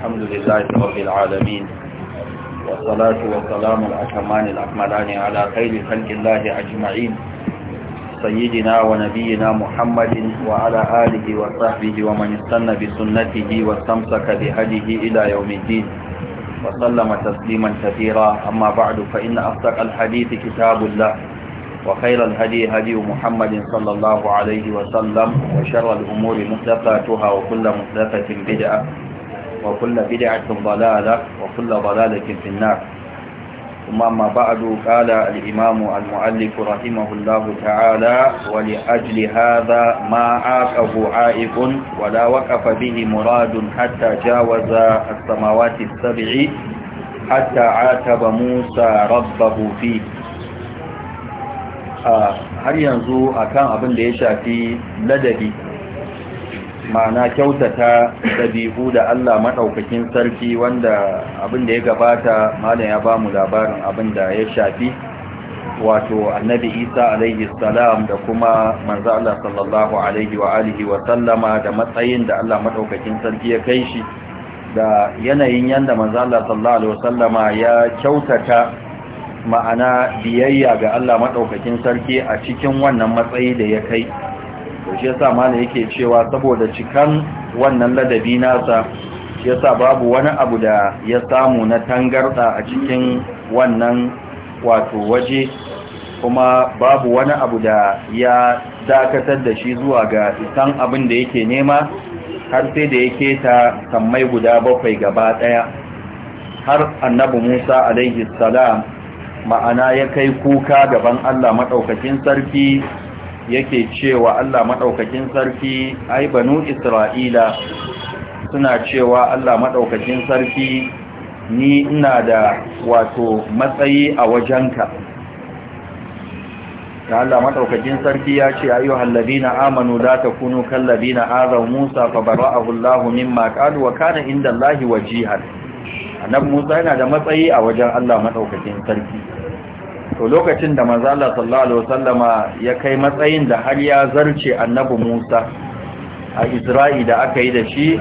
الحمد لله رب العالمين والصلاة والسلام الأكمان الأكملان على خير خلق الله أجمعين سيدنا ونبينا محمد وعلى آله وصحبه ومن استنى بسنته واستمسك بهديه إلى يوم الدين وسلم تسليما كثيرا أما بعد فإن أصدق الحديث كتاب الله وخير الهدي هدي محمد صلى الله عليه وسلم وشر الأمور محدثاتها وكل محدثة بدعة وكل بدعة ضلالة وكل ضلالة في النار ثم ما بعد قال الإمام المؤلف رحمه الله تعالى ولأجل هذا ما عاقه عائق ولا وقف به مراد حتى جاوز السماوات السبع حتى عاتب موسى ربه فيه har yanzu akan abin da ya shafi ladabi ma'ana kyautata ɗabi'u da Allah maɗaukakin sarki wanda abin da ya gabata malam ya ba mu labarin abin da ya shafi wato annabi isa alaihi salam da kuma manzo Allah sallallahu alaihi wa alihi wa sallama da matsayin da Allah maɗaukakin sarki ya kai shi da yanayin yanda manzo Allah sallallahu alaihi wa sallama ya kyautata ma'ana biyayya ga Allah maɗaukakin sarki a cikin wannan matsayi da ya kai to shi yasa mana yake cewa saboda cikan wannan ladabi nasa shi yasa babu wani abu da ya samu na tangarda a cikin wannan wato waje kuma babu wani abu da ya dakatar da shi zuwa ga isan abin da yake nema har sai da yake ta sammai guda bakwai gaba daya har annabi Musa alaihi salam ma'ana ya kai kuka gaban Allah madaukakin sarki yake cewa Allah maɗaukakin sarki ai banu Isra'ila suna cewa Allah maɗaukakin sarki ni ina da wato matsayi a wajenka da Allah maɗaukakin sarki ya ce ayyu na amanu kunu takunu kallabina azaw Musa fa a Allah mimma qalu wa inda Allah wajihan annabi Musa yana da matsayi a wajen Allah maɗaukakin sarki to lokacin da manzo Allah sallallahu alaihi wasallama ya kai matsayin da har ya zarce annabi Musa a Isra'i da aka yi da shi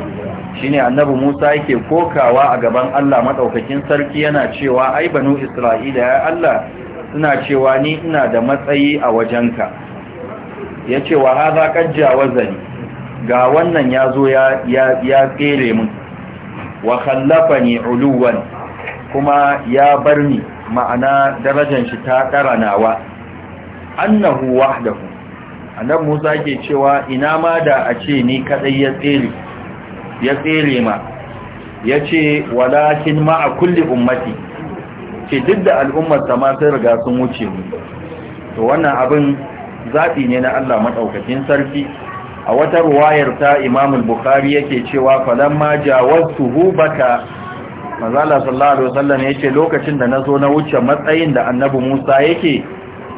shine annabi Musa yake kokawa a gaban Allah madaukakin sarki yana cewa ai banu Isra'ila ya Allah suna cewa ni ina da matsayi a wajenka yace wa hadha qad jawazani ga wannan yazo ya ya tsere mun wa khallafani uluwan kuma ya barni ma'ana darajar shi ta karanawa annahu wahdahu annabi Musa ke cewa ina ma da a ce ni kadai ya tsere ya tsere ma yace walakin a kulli ummati ce duk da al'ummar ta ma sai riga sun wuce mu to wannan abin zaɓi ne na Allah madaukakin sarki a wata ruwayar ta Imam al-Bukhari yake cewa falamma jawaztuhu baka manzala sallallahu alaihi wasallam yace lokacin da nazo na wuce matsayin da annabi Musa yake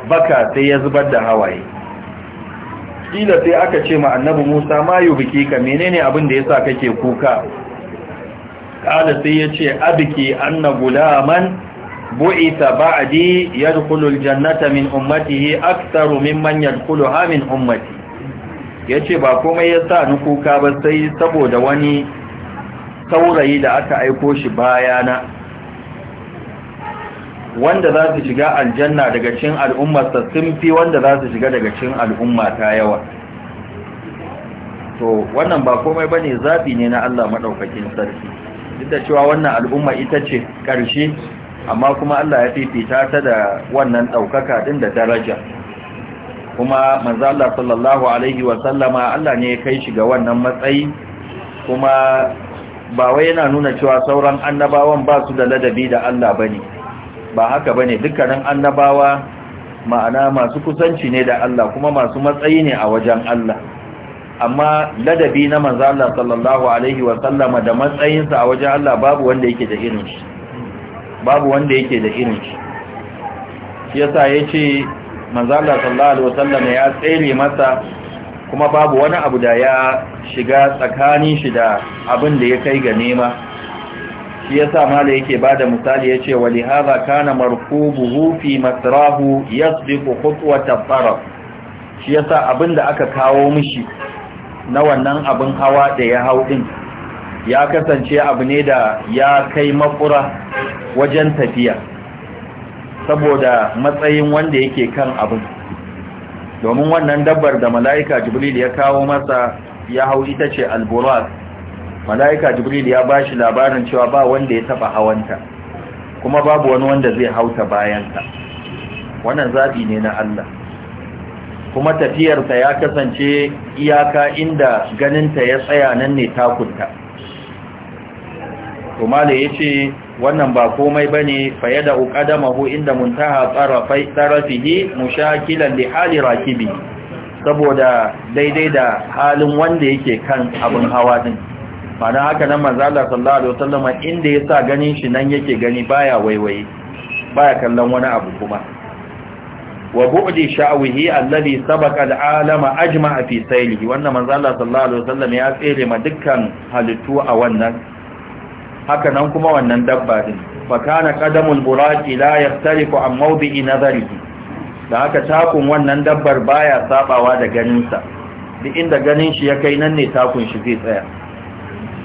baka sai ya zubar da hawaye kila sai aka ce ma annabi Musa ma yubiki ka menene abin da yasa kake kuka kala sai yace abiki anna gulaman bu'itha ba'di yadkhulu aljannata min ummatihi aktharu mimman yadkhuluha min ummati yace ba komai yasa ni kuka ba sai saboda wani saurayi da aka aiko shi bayana wanda za su shiga aljanna daga cin al'ummarsa sun fi wanda za su shiga daga cin al'umma ta yawa to wannan ba komai ba ne zaɓi ne na Allah maɗaukakin sarki duk da cewa wannan al'umma ita ce ƙarshe amma kuma Allah ya fifita ta da wannan ɗaukaka ɗin da daraja kuma manzo Allah sallallahu alaihi wa sallama Allah ne ya kai shi ga wannan matsayi kuma ba wai yana nuna cewa sauran annabawan ba su da ladabi da Allah bane ba haka bane dukkanin annabawa ma'ana masu kusanci ne da Allah kuma masu matsayi ne a wajen Allah amma ladabi na manzo Allah sallallahu alaihi wa sallama da matsayinsa a wajen Allah babu wanda yake da irin shi babu wanda yake da irin shi yasa yace manzo Allah sallallahu alaihi wa sallama ya tsere masa kuma babu wani abu da ya shiga tsakani shi da abin da ya kai ga nema shi ya sa mala yake bada misali ya ce wali Lihaza, kana buhu fi masrahu yasbiqu khutwata taraf shi ya sa abin da aka kawo mishi na wannan abin hawa da ya hau din ya kasance abu ne da ya kai makura wajen tafiya saboda matsayin wanda yake kan abin domin wannan dabbar da mala'ika jibril ya kawo masa ya hau ita ce alburak mala'ika jibril ya ba shi labarin cewa ba wanda ya taba hawanta kuma babu wani wanda zai hauta bayanta wannan zaɓi ne na Allah kuma tafiyarta ya kasance iyaka inda ganinta ya tsaya nan ne takunta to ya yace wannan ba komai bane fa yada uqadamahu inda muntaha tarafai tarafihi mushakilan li hali rakibi saboda daidai da halin wanda yake kan abin hawa din ma'ana haka nan manzo Allah sallallahu alaihi wasallam inda yasa ganin shi nan yake gani baya waiwaye baya kallon wani abu kuma wa bu'di sha'wihi alladhi sabaqa al'alama ajma'a fi saylihi wannan manzo Allah sallallahu alaihi wasallam ya tsere ma dukkan halittu a wannan haka nan kuma wannan dabba din fa kana qadamul buraqi la yaftariqu an mawdi'i nazarihi da haka takun wannan dabbar baya sabawa da ganinsa duk inda ganin shi ya kai nan ne takun shi zai tsaya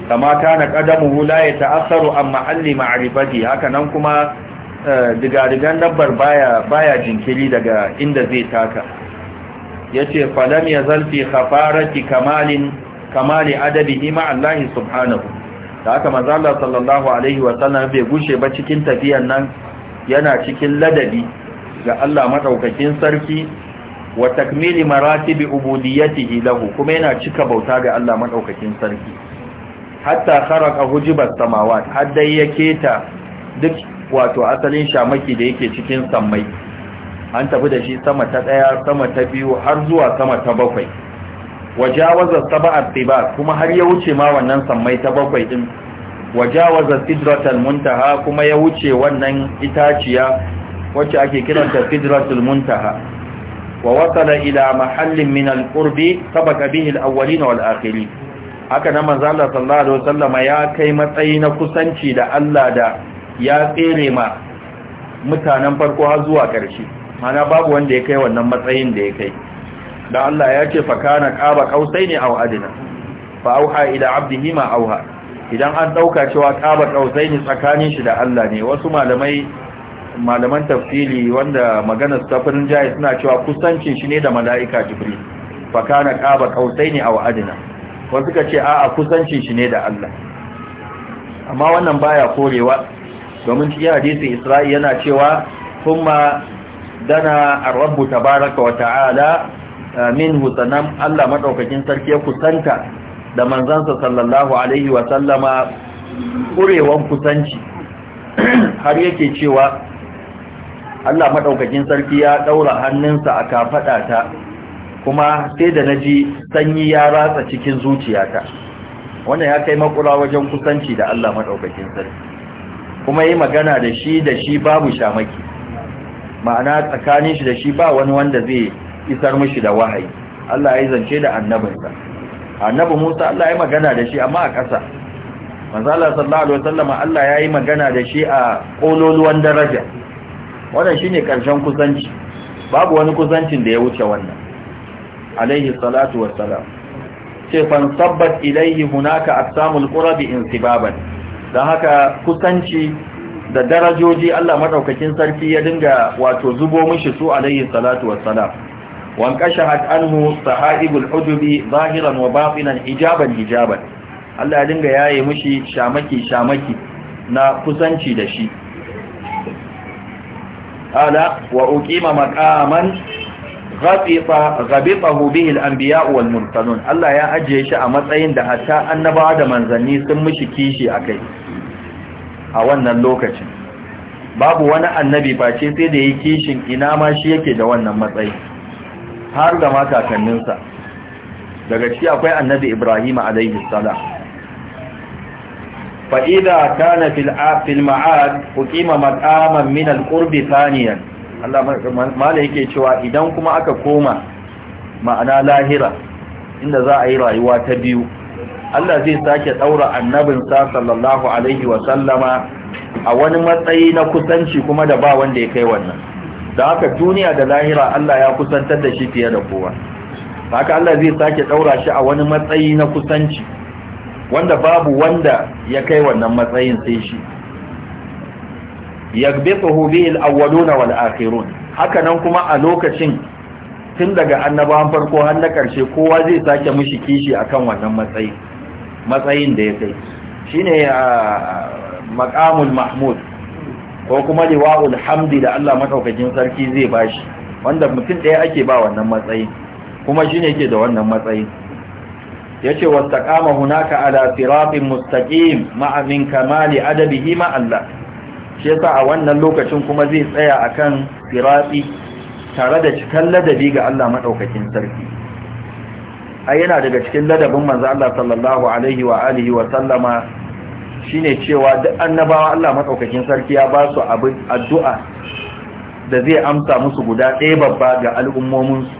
kama kana qadamuhu la yata'assaru an mahalli ma'rifati haka nan kuma eh, digadigan dabbar baya baya jinkiri daga inda zai taka yace falam yazal fi khafarati kamalin kamali adabihi ma Allah subhanahu da haka manzala sallallahu alaihi wasallam bai gushe ba cikin tafiyan nan yana cikin ladabi ga Allah madaukakin sarki wa takmili maratibi ubudiyyatihi lahu kuma yana cika bauta ga Allah madaukakin sarki hatta kharaqa hujibat samawat hadda yake ta duk wato asalin shamaki da yake cikin sammai an tafi da shi sama ta daya sama ta biyu har zuwa sama ta bakwai ba a tsiba kuma har ya wuce ma wannan sammai ta bakwai din wajawaza sidratal muntaha kuma ya wuce wannan itaciya wacce ake kiranta sidratul muntaha wa wasala ila mahallin min al-qurbi sabaqa bihi al-awwalin wal akhirin haka nan manzo Allah sallallahu alaihi wasallam ya kai matsayi na kusanci da Allah da ya tsere ma mutanen farko har zuwa ƙarshe mana babu wanda ya kai wannan matsayin da ya kai da Allah ya ce fakana kausai ne a adna fa auha ila abdihi ma auha idan an dauka cewa kausai ne tsakanin shi da Allah ne wasu malamai malaman tafsiri wanda maganar safarin jahi suna cewa kusancin shi ne da mala'ika jibril fakana kausai ne a adna wasu ka ce a'a kusancin shi ne da Allah amma wannan baya korewa domin cikin hadisi Isra'i yana cewa kuma dana ar-rabbu tabaraka wa ta'ala minhu sanan Allah madaukakin sarki ya kusanta da manzansa sallallahu alaihi wa sallama kurewan kusanci har yake cewa Allah madaukakin sarki ya daura hannunsa a kafada ta kuma sai da naji sanyi ya ratsa cikin zuciyata wannan ya kai makura wajen kusanci da Allah madaukakin sarki kuma yi magana da shi da shi babu shamaki ma'ana tsakanin shi da shi ba wani wanda zai isar mishi da wahayi Allah ya zance da annabinsa annabi Musa Allah ya magana da shi amma a ƙasa manzo Allah sallallahu alaihi wasallam Allah ya yi magana da shi a kololuwan daraja wannan shine karshen kusanci babu wani kusancin da ya wuce wannan alaihi salatu wassalam ce fan sabbat ilaihi hunaka aqsamul qurabi insibaban dan haka kusanci da darajoji Allah madaukakin sarki ya dinga wato zubo mishi su alaihi salatu wassalam wankashahat anhu sahaibul hujubi zahiran wa batinan hijaban hijaban Allah ya dinga yaye mushi shamaki shamaki na kusanci da shi ala wa uqima maqaman ghabitahu bihi al-anbiya wal mursalun Allah ya ajiye shi a matsayin da hatta annabawa da manzanni sun mishi kishi akai a wannan lokacin babu wani annabi face sai da yi kishin ina ma shi yake da wannan matsayin har da matakanninsa daga shi akwai annabi ibrahim alaihi salam fa idza kana fil afil ma'ad uqima maqaman min Allah mala yake cewa idan kuma aka koma ma'ana lahira inda za a yi rayuwa ta biyu Allah zai sake daura annabinsa sallallahu alaihi wa sallama a wani matsayi na kusanci kuma da ba wanda ya kai wannan da haka duniya da lahira Allah ya kusantar da shi fiye da kowa haka Allah zai sake daura shi a wani matsayi na kusanci wanda babu wanda ya kai wannan matsayin sai shi yagbituhu bihi al-awwaluna wal-akhirun haka nan kuma a lokacin tun daga annabawan farko har na karshe kowa zai sake mishi kishi akan wannan matsayi matsayin da ya kai shine ah, maqamul mahmud ko kuma liwa'ul hamdi da Allah mataukakin sarki zai bashi wanda mutum ɗaya ake ba wannan matsayi kuma shine yake da wannan matsayi yace wastaqama hunaka ala siratin mustaqim ma'a min kamali adabihi ma Allah shi yasa a wannan lokacin kuma zai tsaya akan sirati tare da cikan ladabi ga Allah madaukakin sarki ai yana daga cikin ladabin manzo Allah sallallahu alaihi wa alihi wa sallama shine cewa duk annabawa Allah madaukakin sarki ya ba su abin addu'a da zai amsa musu guda ɗaya babba ga al'ummominsu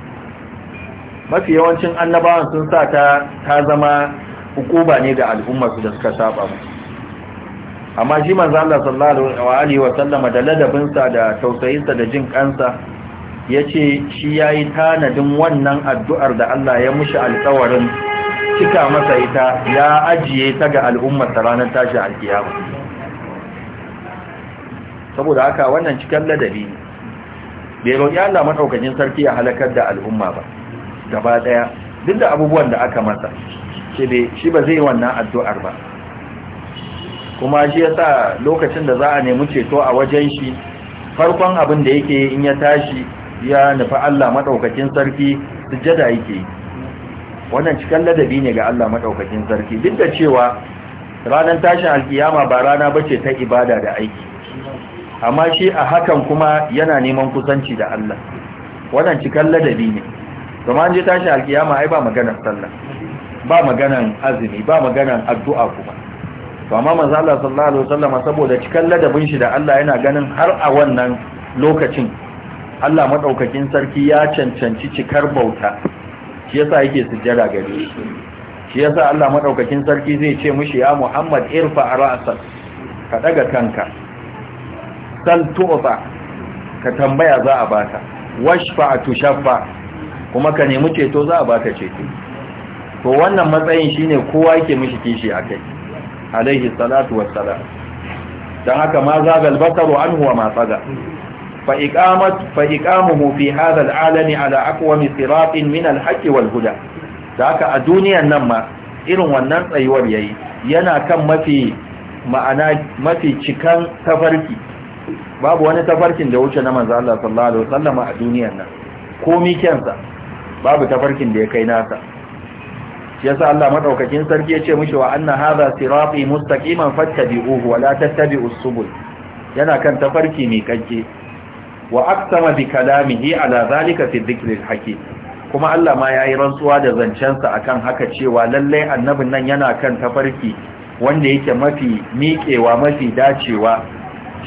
mafi yawancin annabawan sun sa ta ta zama hukuba ne ga al'ummarsu da suka saba mu. amma shi manzo Allah sallallahu alaihi wa sallama da ladabinsa da tausayinsa da jin kansa ce shi yayi tanadin wannan addu'ar da Allah ya mushi alƙawarin cika masa ita ya ajiye ta ga al'ummarsa ranar tashi alkiyama saboda haka wannan cikin ladabi bai roƙi Allah maɗaukacin sarki ya halakar da al'umma ba gaba ɗaya duk da abubuwan da aka masa shi ba zai wannan addu'ar ba kuma shi ya sa lokacin da za a nemi ceto a wajen shi farkon abin da yake in ya tashi ya nufi Allah maɗaukacin sarki sujjada yake yi wannan cikin ladabi ne ga Allah madaukakin sarki duk da cewa ranar tashin alkiyama ba rana bace ta ibada da aiki amma shi a hakan kuma yana neman kusanci da Allah wannan cikin ladabi ne kuma an je tashin alkiyama ai ba maganar sallah ba maganar azumi ba maganar addu'a kuma to amma manzo Allah sallallahu alaihi wasallam saboda cikin ladabin shi da Allah yana ganin har a wannan lokacin Allah madaukakin sarki ya cancanci cikar bauta shi yasa yake sujjada gare shi shi yasa Allah madaukakin sarki zai ce mushi ya Muhammad irfa ra'sak ka daga kanka san tu'fa ka tambaya za a baka washfa tushaffa kuma ka nemi ceto za a baka ceto to wannan matsayin shine kowa yake mushi kishi akai alaihi salatu wassalam dan haka ma zagal basaru anhu wa ma tsaga فإقامت فإقامه في هذا العالم على أقوم صراط من الحق والهدى ذاك الدنيا نما irin wannan tsayuwar yayi yana kan mafi ma'ana mafi cikan tafarki babu wani tafarkin da wuce na manzo Allah sallallahu alaihi wasallam a duniyar nan komi kensa babu tafarkin da ya kai nasa shi yasa Allah madaukakin sarki ya ce mishi wa anna hadha sirati mustaqiman fattabi'uhu wa la tattabi'us subul yana kan tafarki mai kanke wa aqsama bi kalamihi ala zalika fi dhikril hakim kuma Allah ma yayi rantsuwa da zancensa akan haka cewa lalle annabin nan yana kan tafarki wanda yake mafi miƙewa mafi dacewa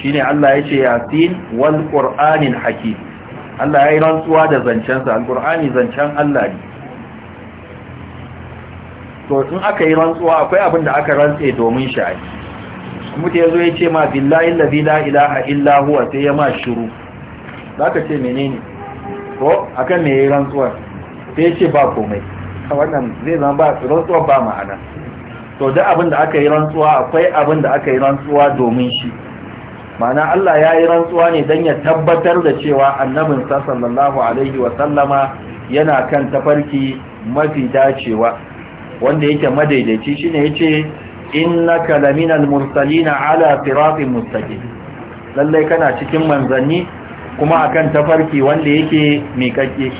shine Allah yace yasin wal qur'anil hakim Allah yayi rantsuwa da zancensa alqur'ani zancen Allah ne to in aka yi rantsuwa akwai abin da aka rantse domin shi mutu yazo ce ma billahi la ilaha illa huwa sai ya ma shiru za ka ce menene ko a kan me yi rantsuwar sai ce ba komai wannan zai zama ba rantsuwar ba ma'ana to duk abin da aka yi rantsuwa akwai abin da aka yi rantsuwa domin shi ma'ana Allah ya yi rantsuwa ne don ya tabbatar da cewa annabin sa sallallahu alaihi wa sallama yana kan tafarki mafi dacewa wanda yake madaidaici shine yace innaka laminal mursalina ala siratin mustaqim lallai kana cikin manzanni kuma akan tafarki wanda yake miƙaƙe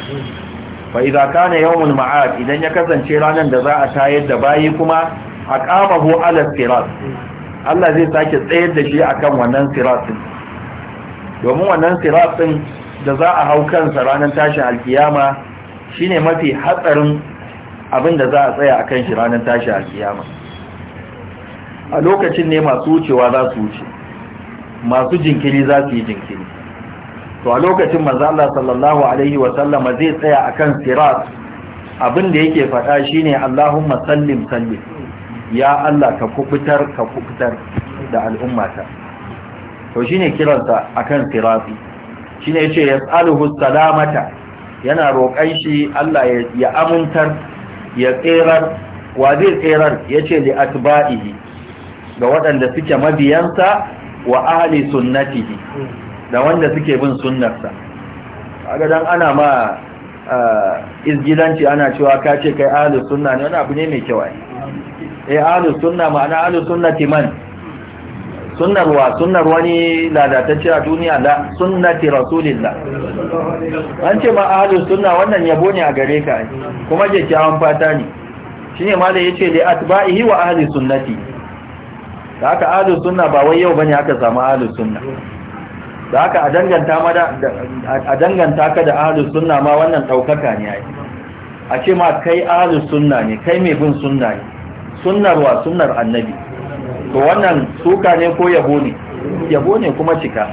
fa idza kana yawmul ma'ad idan ya kasance ranar da za a tayar da bayi kuma aqamahu ala sirat Allah zai sake tsayar da shi akan wannan sirat din domin wannan sirat din da za a hau kansa ranar tashin alkiyama shine mafi hatsarin abin da za a tsaya akan shi ranar tashin alkiyama a lokacin ne masu wucewa za su wuce masu jinkiri za su yi jinkiri to a lokacin manzo sallallahu alaihi wa sallama zai tsaya akan sirat abinda yake faɗa shine Allahumma sallim sallim ya Allah ka kubutar ka kubutar da al'ummata to shine kiransa akan sirati ce yace yas'aluhu salamata yana roƙan shi Allah ya amintar ya tserar wazir zai tserar ce li atba'ihi ga waɗanda suke mabiyansa wa ahli sunnatihi da wanda suke bin sunnarsa kaga dan ana ma eh, izgilanci ana cewa ka ce kai ahlus sunna ne wani abu ne mai kyau eh ahlus sunna ma'ana ahlus sunnati man sunnarwa sunnar wani ladatacce a duniya la sunnati rasulillah an ce ma ahlus sunna wannan yabo ne a gare ka kuma je kyawun fata ne shine malai yace li atba'ihi wa ahli sunnati haka ahlus sunna ba wai yau bane aka samu ahlus sunna da haka a danganta ma da a danganta ka da ahlus sunna ma wannan daukaka ne ai a ce ma kai ahlus sunna ne kai mai bin sunna ne sunnar wa sunnar annabi to wannan suka ne ko yabo ne yabo ne kuma cika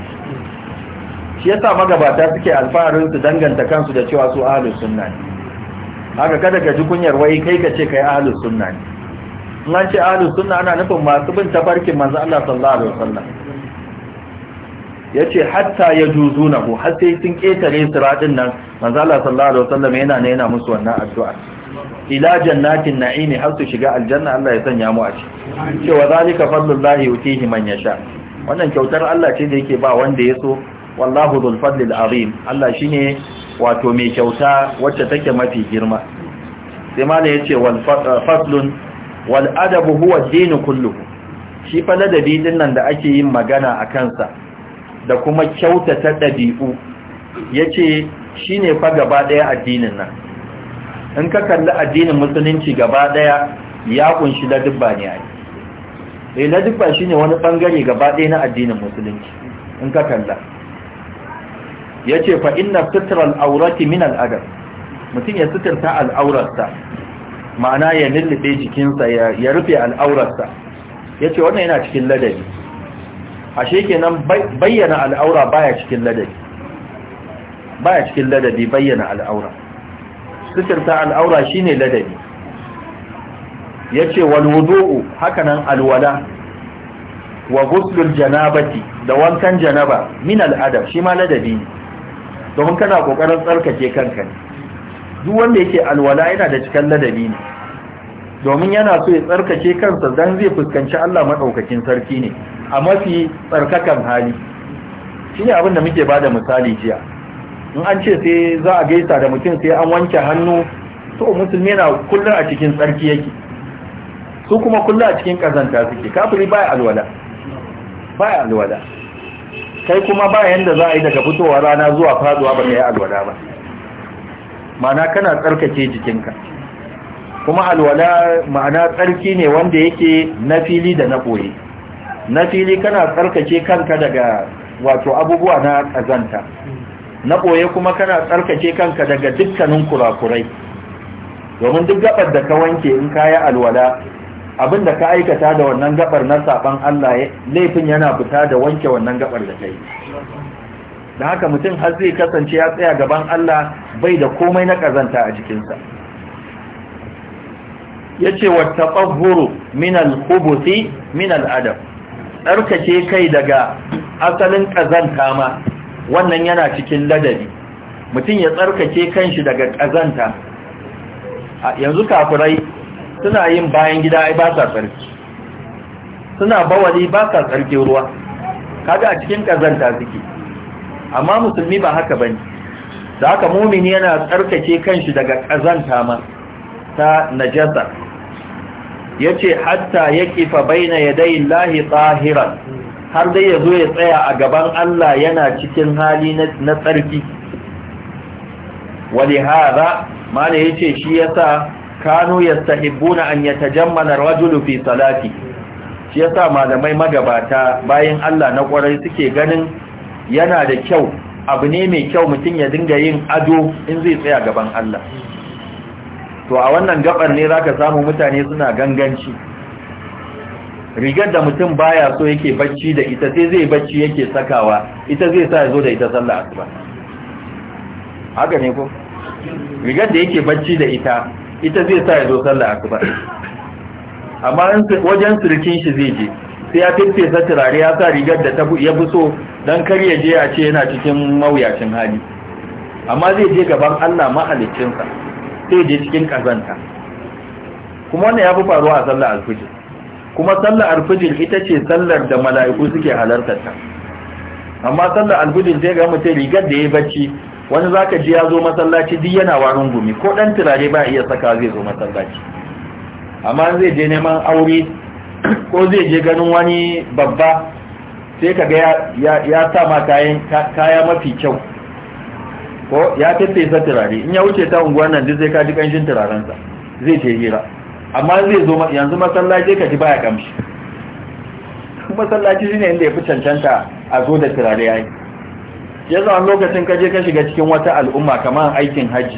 shi yasa magabata suke alfaharin su danganta kansu da cewa su ahlus sunna ne haka kada ka ji kunyar wai kai ka ce kai ahlus sunna ne Sunan ce ahlus sunna ana nufin masu bin tafarkin manzo Allah sallallahu alaihi wasallam ya ce hatta ya juzu na ku har sai sun ƙetare siraɗin nan manzala sallallahu alaihi wasallam yana ne yana musu wannan addu'a ila jannatin na'imi har su shiga aljanna Allah ya sanya mu a ci cewa zalika fadlullahi yutihi man yasha wannan kyautar Allah ce da yake ba wanda ya so wallahu dhul fadlil azim Allah shine wato mai kyauta wacce take mafi girma sai mala yace wal faslun wal adabu huwa ad kulluhu shi fa ladabi din nan da ake yin magana a kansa da kuma kyautata ɗabi'u ya ce shi ne fa gaba ɗaya addinin nan in ka kalli addinin musulunci gaba ɗaya ya kunshi ladubba ne ai eh ladubba shine wani bangare gaba ɗaya na addinin musulunci in ka kalla yace fa inna al awrati min al adab mutum ya sitirta al'aurarsa ma'ana ya lullube jikinsa ya rufe al'aurarsa yace wannan yana cikin ladabi ashe kenan bayyana al'aura baya cikin ladabi baya cikin ladabi bayyana al'aura sitirta al'aura shine ladabi yace wal wudu'u hakanan alwala wa ghuslul janabati da wankan janaba min al'adab shi ma ladabi ne domin kana kokarin tsarkake kanka ne duk wanda yake alwala yana da cikin ladabi ne domin yana so ya tsarkake kansa dan zai fuskanci Allah madaukakin sarki ne a mafi tsarkakan hali Shi abin da muke bada misali jiya in an ce sai za a gaisa da mutum sai an wanke hannu to musulmi yana kullum a cikin tsarki yake su kuma kullum a cikin kazanta suke kafiri baya alwala alwala kai kuma ba yanda za a yi daga fitowa rana zuwa faduwa ba ka alwala ba mana kana tsarkake jikinka kuma alwala ma'ana tsarki ne wanda yake na fili da na ɓoye na fili kana tsarkake kanka daga wato abubuwa na ƙazanta na ɓoye kuma kana tsarkake kanka daga dukkanin kurakurai domin duk gabar da ka wanke in ka alwala abin da ka aikata da wannan gabar na saɓan Allah laifin yana fita da wanke wannan gabar da kai da haka mutum har zai kasance ya tsaya gaban Allah bai da komai na ƙazanta a jikinsa yace wa tatahhuru min al-khubuthi min al-adam tsarkake kai daga asalin kazanta ma wannan yana cikin ladabi mutum ya tsarkake kanshi daga kazanta yanzu kafurai suna yin bayan gida ai ba sa tsarki suna bawali ba sa tsarki ruwa kaga a cikin kazanta suke amma musulmi ba haka bane da haka mumini yana tsarkake kanshi daga kazanta ma ta najasa yace hatta ya ƙifa baina yaday lahi tsahiran. har dai yazo ya tsaya a gaban Allah yana cikin hali na tsarki haza, ما ne yace shi yasa kanu yastahibbuna an yatajammala ar fi salati shi yasa malamai magabata bayan Allah na kwarai suke ganin yana da kyau abu ne mai kyau mutum ya dinga yin ado in zai tsaya gaban Allah to a wannan gabar ne zaka samu mutane suna ganganci rigar da mutum baya so yake bacci da ita sai zai bacci yake sakawa ita zai sa ya zo da ita sallah asuba haka ne ko rigar da yake bacci da ita ita zai sa ya zo sallah asuba amma wajen surkin shi zai je sai ya sa turare ya sa rigar da ya fi so don ya je a ce yana cikin mawuyacin hali amma zai je gaban Allah mahalicinsa sai je cikin kazanta kuma wannan ya fi faruwa a sallar alfijir kuma sallar alfijir ita ce sallar da mala'iku suke halartar ta amma sallar alfijir sai ga mutum rigar da ya yi bacci wani za ka ji ya zo masallaci duk yana warin gumi ko dan turare ba iya saka zai zo masallaci amma zai je neman aure ko zai je ganin wani babba sai ka ga ya sa ma kaya mafi kyau ko ya sa turare in ya wuce ta unguwar nan duk zai kaji kanshin turarensa zai ce hira amma zai zo yanzu masallaci ka ji baya kamshi masallaci shine inda ya fi cancanta a zo da turare yayi ya zama lokacin ka je ka shiga cikin wata al'umma kamar aikin haji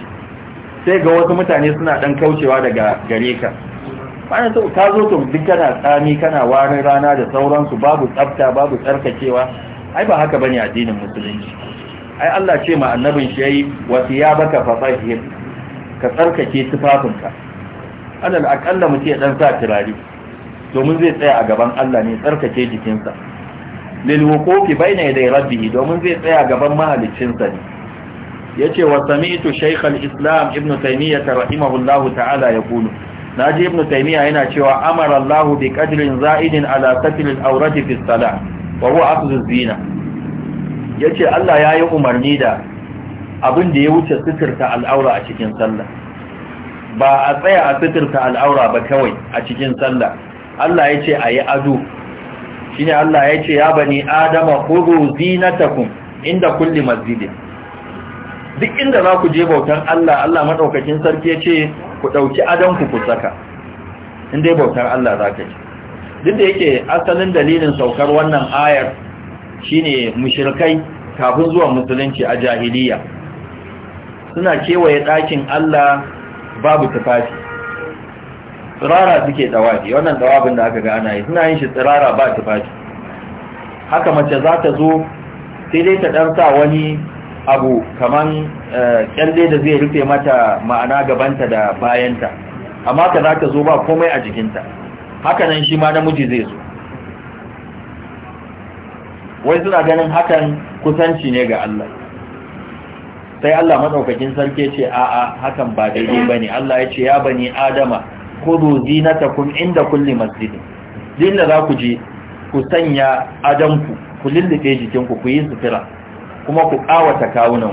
sai ga wasu mutane suna dan kaucewa daga gare ka bayan sau ka zo to duk kana tsami kana warin rana da sauransu babu tsafta babu tsarkakewa ai ba haka bane addinin musulunci ai Allah ce ma annabin shi yayi wa baka fatahhir ka tsarkake tufafinka alal aqalla mu ce dan sa turare domin zai tsaya a gaban Allah ne tsarkake jikinsa lil wuqufi baina yaday rabbih domin zai tsaya a gaban mahaliccinsa ne yace wa sami'tu shaykh al-islam ibn taymiyyah rahimahullahu ta'ala yaqulu naji ibn taymiyyah yana cewa amara Allah bi qadrin za'idin ala satr al-awrat fi as-salah wa huwa akhdhu az-zina ya ce Allah ya yi umarni da abin da ya wuce suturta al'aura a cikin sallah ba a tsaya a suturta al'aura ba kawai a cikin sallah Allah ya ce a yi ado shi ne Allah ya ce ya bani adama na zinatakun inda kulli masjidi duk inda za ku je bautan Allah Allah maɗaukakin sarki ya ce ku ɗauki adonku ku saka in dai bautar Allah za ka ce duk da yake asalin dalilin saukar wannan ayar shine mushrikai kafin zuwa musulunci a jahiliya suna kewaye ɗakin Allah babu tufafi tsirara suke dawafi wannan dawabin da aka ga ana yi suna yin shi tsirara ba tufafi haka mace za ta zo sai dai ta ɗan wani abu kaman eh, ƙyalle da zai rufe mata ma'ana gabanta da bayanta amma ka za ta zo ba komai a jikinta haka nan shi ma namiji zai zo wai suna ganin hakan kusanci ne ga Allah sai Allah madaukakin sarki ce a'a hakan ba daidai bane Allah ya ce ya bani adama khudhu zinatakum inda kulli masjid din da za ku je ku sanya adanku ku lillife jikinku ku yi sutura kuma ku kawata kawunan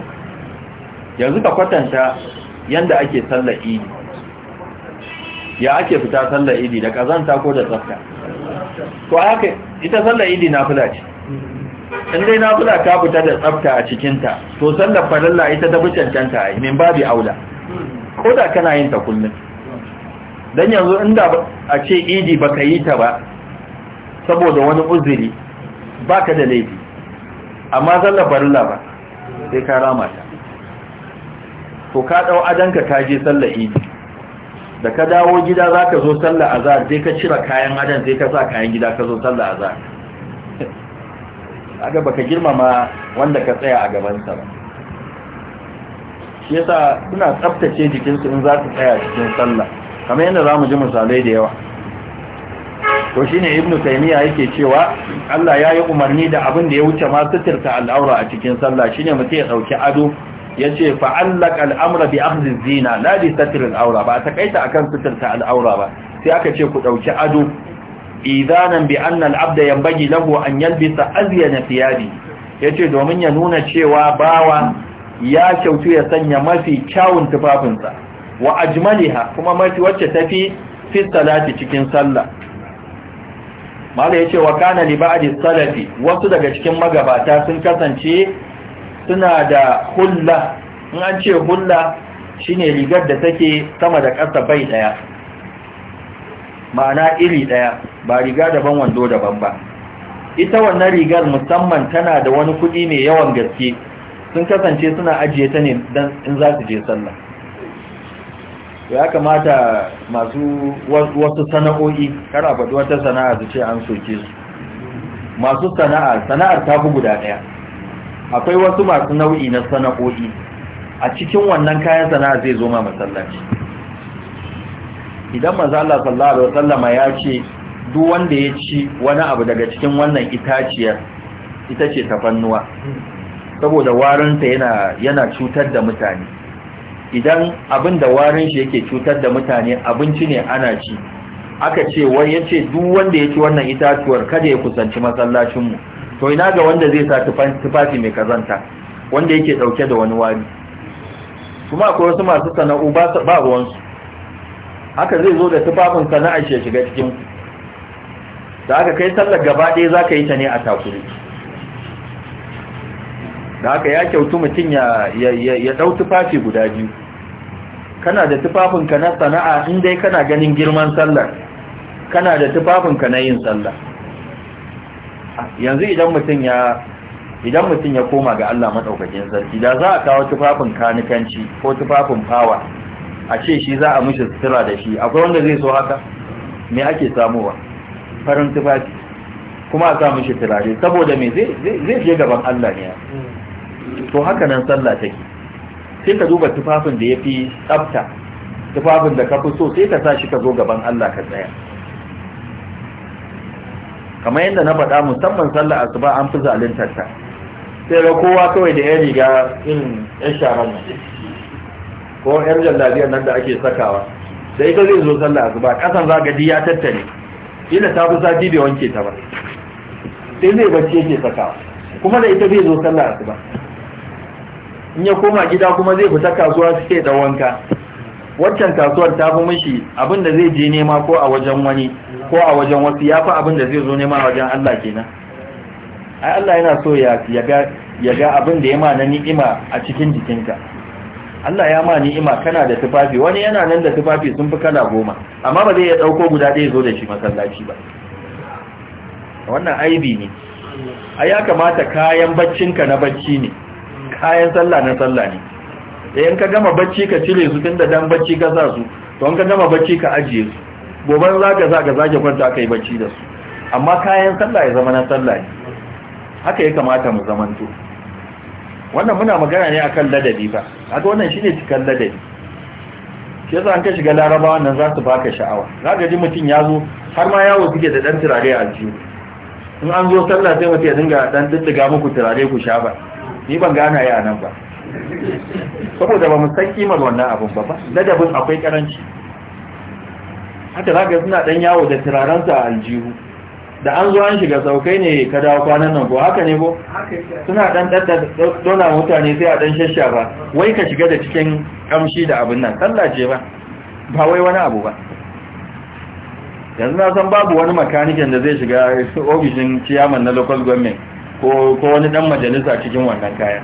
yanzu ka kwatanta yanda ake sallar idi ya ake fita sallar idi da kazanta ko da tsafta to haka ita sallar idi na fula ce in dai nafila ta fita da tsafta a cikinta to sallar farilla ita ta fi cancanta a yi min babi aula ko da kana yin ta kullum don yanzu inda a ce idi baka yi ta ba saboda wani uzuri baka da laifi amma sallar farilla ba sai ka rama ta to ka ɗau adanka ka je sallar idi da ka dawo gida za ka zo sallar Azar, sai ka cire kayan adan sai ka sa kayan gida ka zo sallar Azar. aga baka girmama wanda ka tsaya a gabansa ba shi yasa suna tsaftace jikinsu in za su tsaya cikin sallah kamar yadda za mu ji misalai da yawa to shine ibnu taymiya yake cewa Allah ya yi umarni da abin da ya wuce ma suturta al'aura a cikin sallah shine mutum ya dauki ado Ya ce allaka al'amra bi akhdhi zina la bi satr al'aura ba ta kaita akan suturta al'aura ba sai aka ce ku ɗauki ado idanan bi annal abda yanbaghi lahu an yalbisa azyana thiyabi yace domin ya nuna cewa bawa ya kyautu ya sanya mafi kyawun tufafinsa wa ajmaliha kuma mafi wacce tafi fi salati cikin sallah mala yace wa kana li ba'di salafi wasu daga cikin magabata sun kasance suna da hulla in an ce hulla shine rigar da take sama da ƙasa bai daya ma'ana iri daya ba riga daban wando daban ba ita wannan rigar musamman tana da wani kuɗi mai yawan gaske sun kasance suna ajiye ta ne dan in za su je sallah ya kamata masu wasu sana'o'i kar a faɗi wata sana'a su ce an soke su masu sana'a sana'ar ta fi guda ɗaya akwai wasu masu nau'i na sana'o'i a cikin wannan kayan sana'a zai zo ma masallaci idan maza Allah sallallahu alaihi wasallama ya ce duk wanda ya ci wani abu daga cikin wannan itaciyar ita ce tafannuwa saboda warinta yana yana cutar da mutane idan abin da warin shi yake cutar da mutane abinci ne ana ci aka ce wai yace duk wanda ya ci wannan itaciyar kada ya kusanci masallacin mu to ina ga wanda zai sa tufafi mai kazanta wanda yake dauke da wani wari kuma akwai wasu masu sana'u ba ruwansu haka zai zo da tufafin sana'a shi shiga cikin da aka kai sallar gaba ɗaya za ka yi ta ne a takuri da aka ya kyautu mutum ya ɗau tufafi guda biyu kana da tufafinka na sana'a in dai kana ganin girman sallar kana da tufafinka na yin sallar yanzu idan mutum ya koma ga Allah maɗaukakin sarki da za a kawo tufafin kanikanci ko tufafin fawa a ce shi za a mishi sutura da shi akwai wanda zai so haka me ake samuwa farin tufafi kuma a sa mishi turare saboda me zai je gaban Allah ne to haka nan sallah take sai ka duba tufafin da ya fi tsafta tufafin da ka fi so sai ka sa shi ka zo gaban Allah ka tsaya kamar yadda na faɗa musamman sallah asuba an fi zalintar ta sai ga kowa kawai da ya riga in yan sharan nan ko yan jallabiyar nan da ake sakawa Sai ka zai zo sallah asuba kasan za diya ya tattare ila ta bi zafi bai wanke ta ba sai zai bacci yake saka, kuma da ita bai zo sallah asuba in ya koma gida kuma zai fita kasuwa sai da wanka waccan kasuwar ta fi mishi abin da zai je nema ko a wajen wani ko a wajen wasu ya fi abin da zai zo nema a wajen Allah kenan ai Allah yana so ya ga abin da ya ma na ni'ima a cikin jikinka Allah ya ma ni'ima kana da tufafi wani yana nan da tufafi sun fi kala goma amma ba zai ya ɗauko guda ɗaya zo da shi masallaci ba wannan aibi ne a ya kamata kayan baccinka na bacci ne kayan sallah na sallah ne in ka gama bacci ka cire su tun da dan bacci ka sa su to in ka gama bacci ka ajiye su goban za ka za ka zage kwanta ka yi bacci da su amma kayan sallah ya zama na sallah ne haka ya kamata mu zamanto wannan muna magana ne akan ladabi ba haka wannan shine cikan ladabi shi yasa an ka shiga larabawa nan za su baka sha'awa za ka ji mutum ya zo har ma yawo suke da dan turare a aljihu in an zo sallah sai mutum ya dinga dan diddiga muku turare ku sha ba ni ban gana yi a nan ba saboda ba mu san kimar wannan abun ba ladabin akwai karanci haka za ka suna dan yawo da turaren sa a aljihu da an zo an shiga saukai ne ka dawo kwanan nan ko haka ne ko suna dan dona mutane sai a dan shashafa wai ka shiga da cikin kamshi da abin nan sallah ba ba wai wani abu ba yanzu na san babu wani makanikin da zai shiga ofishin ciyaman na local government ko wani dan majalisa cikin wannan kayan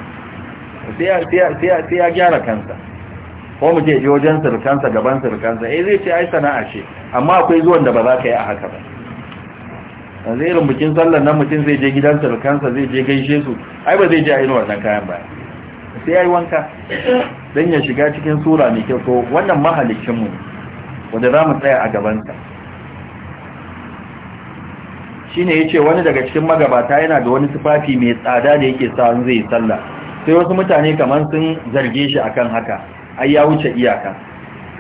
sai ya gyara kansa ko mu ce je wajen sirkansa gaban sirkansa eh zai ce ai sana'a ce amma akwai zuwan da ba za ka yi a haka ba yanzu bikin sallar nan mutum zai je gidan surukansa zai je gaishe su ai ba zai je ainihin wannan kayan ba sai ya yi wanka don ya shiga cikin sura mai kyau ko wannan mahalicinmu ne za mu tsaya a gabansa shi ne ya ce wani daga cikin magabata yana da wani tufafi mai tsada da yake sa zai yi sallah sai wasu mutane kamar sun zarge shi akan haka ai ya wuce iyaka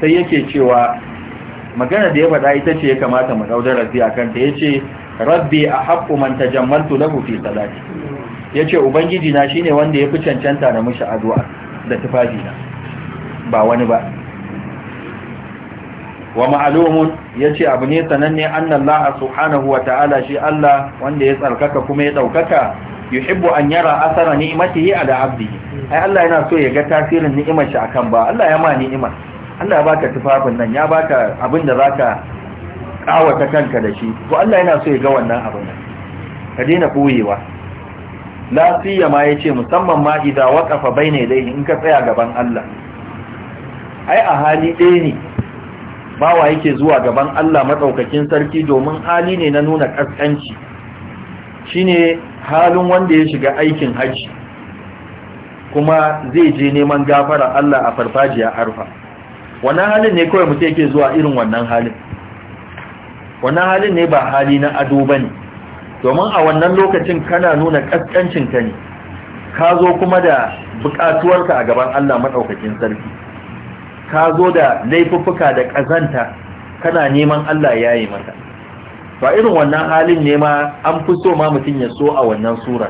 sai yake cewa magana da ya faɗa ita ce ya kamata mu ɗau darasi akan ta ya ce rabbi a haƙƙu man tajammaltu lahu fi salati yace ubangiji na shine wanda yafi cancanta da mushi addu'a da tufafi na ba wani ba wa ma'lumun yace abu ne sananne annallaha subhanahu wa ta'ala shi Allah wanda ya tsarkaka kuma ya daukaka yuhibbu an yara asara ni'matihi ala abdihi ai Allah yana so ya ga tasirin ni'imar shi akan ba Allah ya ma ni'ima Allah ya baka tufafin nan ya baka abin da zaka kawata kanka da shi to Allah yana so ya ga wannan abin ka daina boyewa la ya yace musamman ma idza waqafa baina yadayhi in ka tsaya gaban Allah ai a hali ɗaya ne bawa yake zuwa gaban Allah madaukakin sarki domin hali ne na nuna kaskanci shine halin wanda ya shiga aikin haji kuma zai je neman gafara Allah a farfajiya arfa wannan halin ne kawai mutum yake zuwa irin wannan halin wannan halin ne ba hali na ado ba ne domin a wannan lokacin kana nuna ka ne ka zo kuma da buƙatuwarka a gaban Allah maɗaukakin sarki ka zo da laifuffuka da ƙazanta kana neman Allah ya yi maka ba irin wannan halin ne ma an fi so ma mutum ya so a wannan sura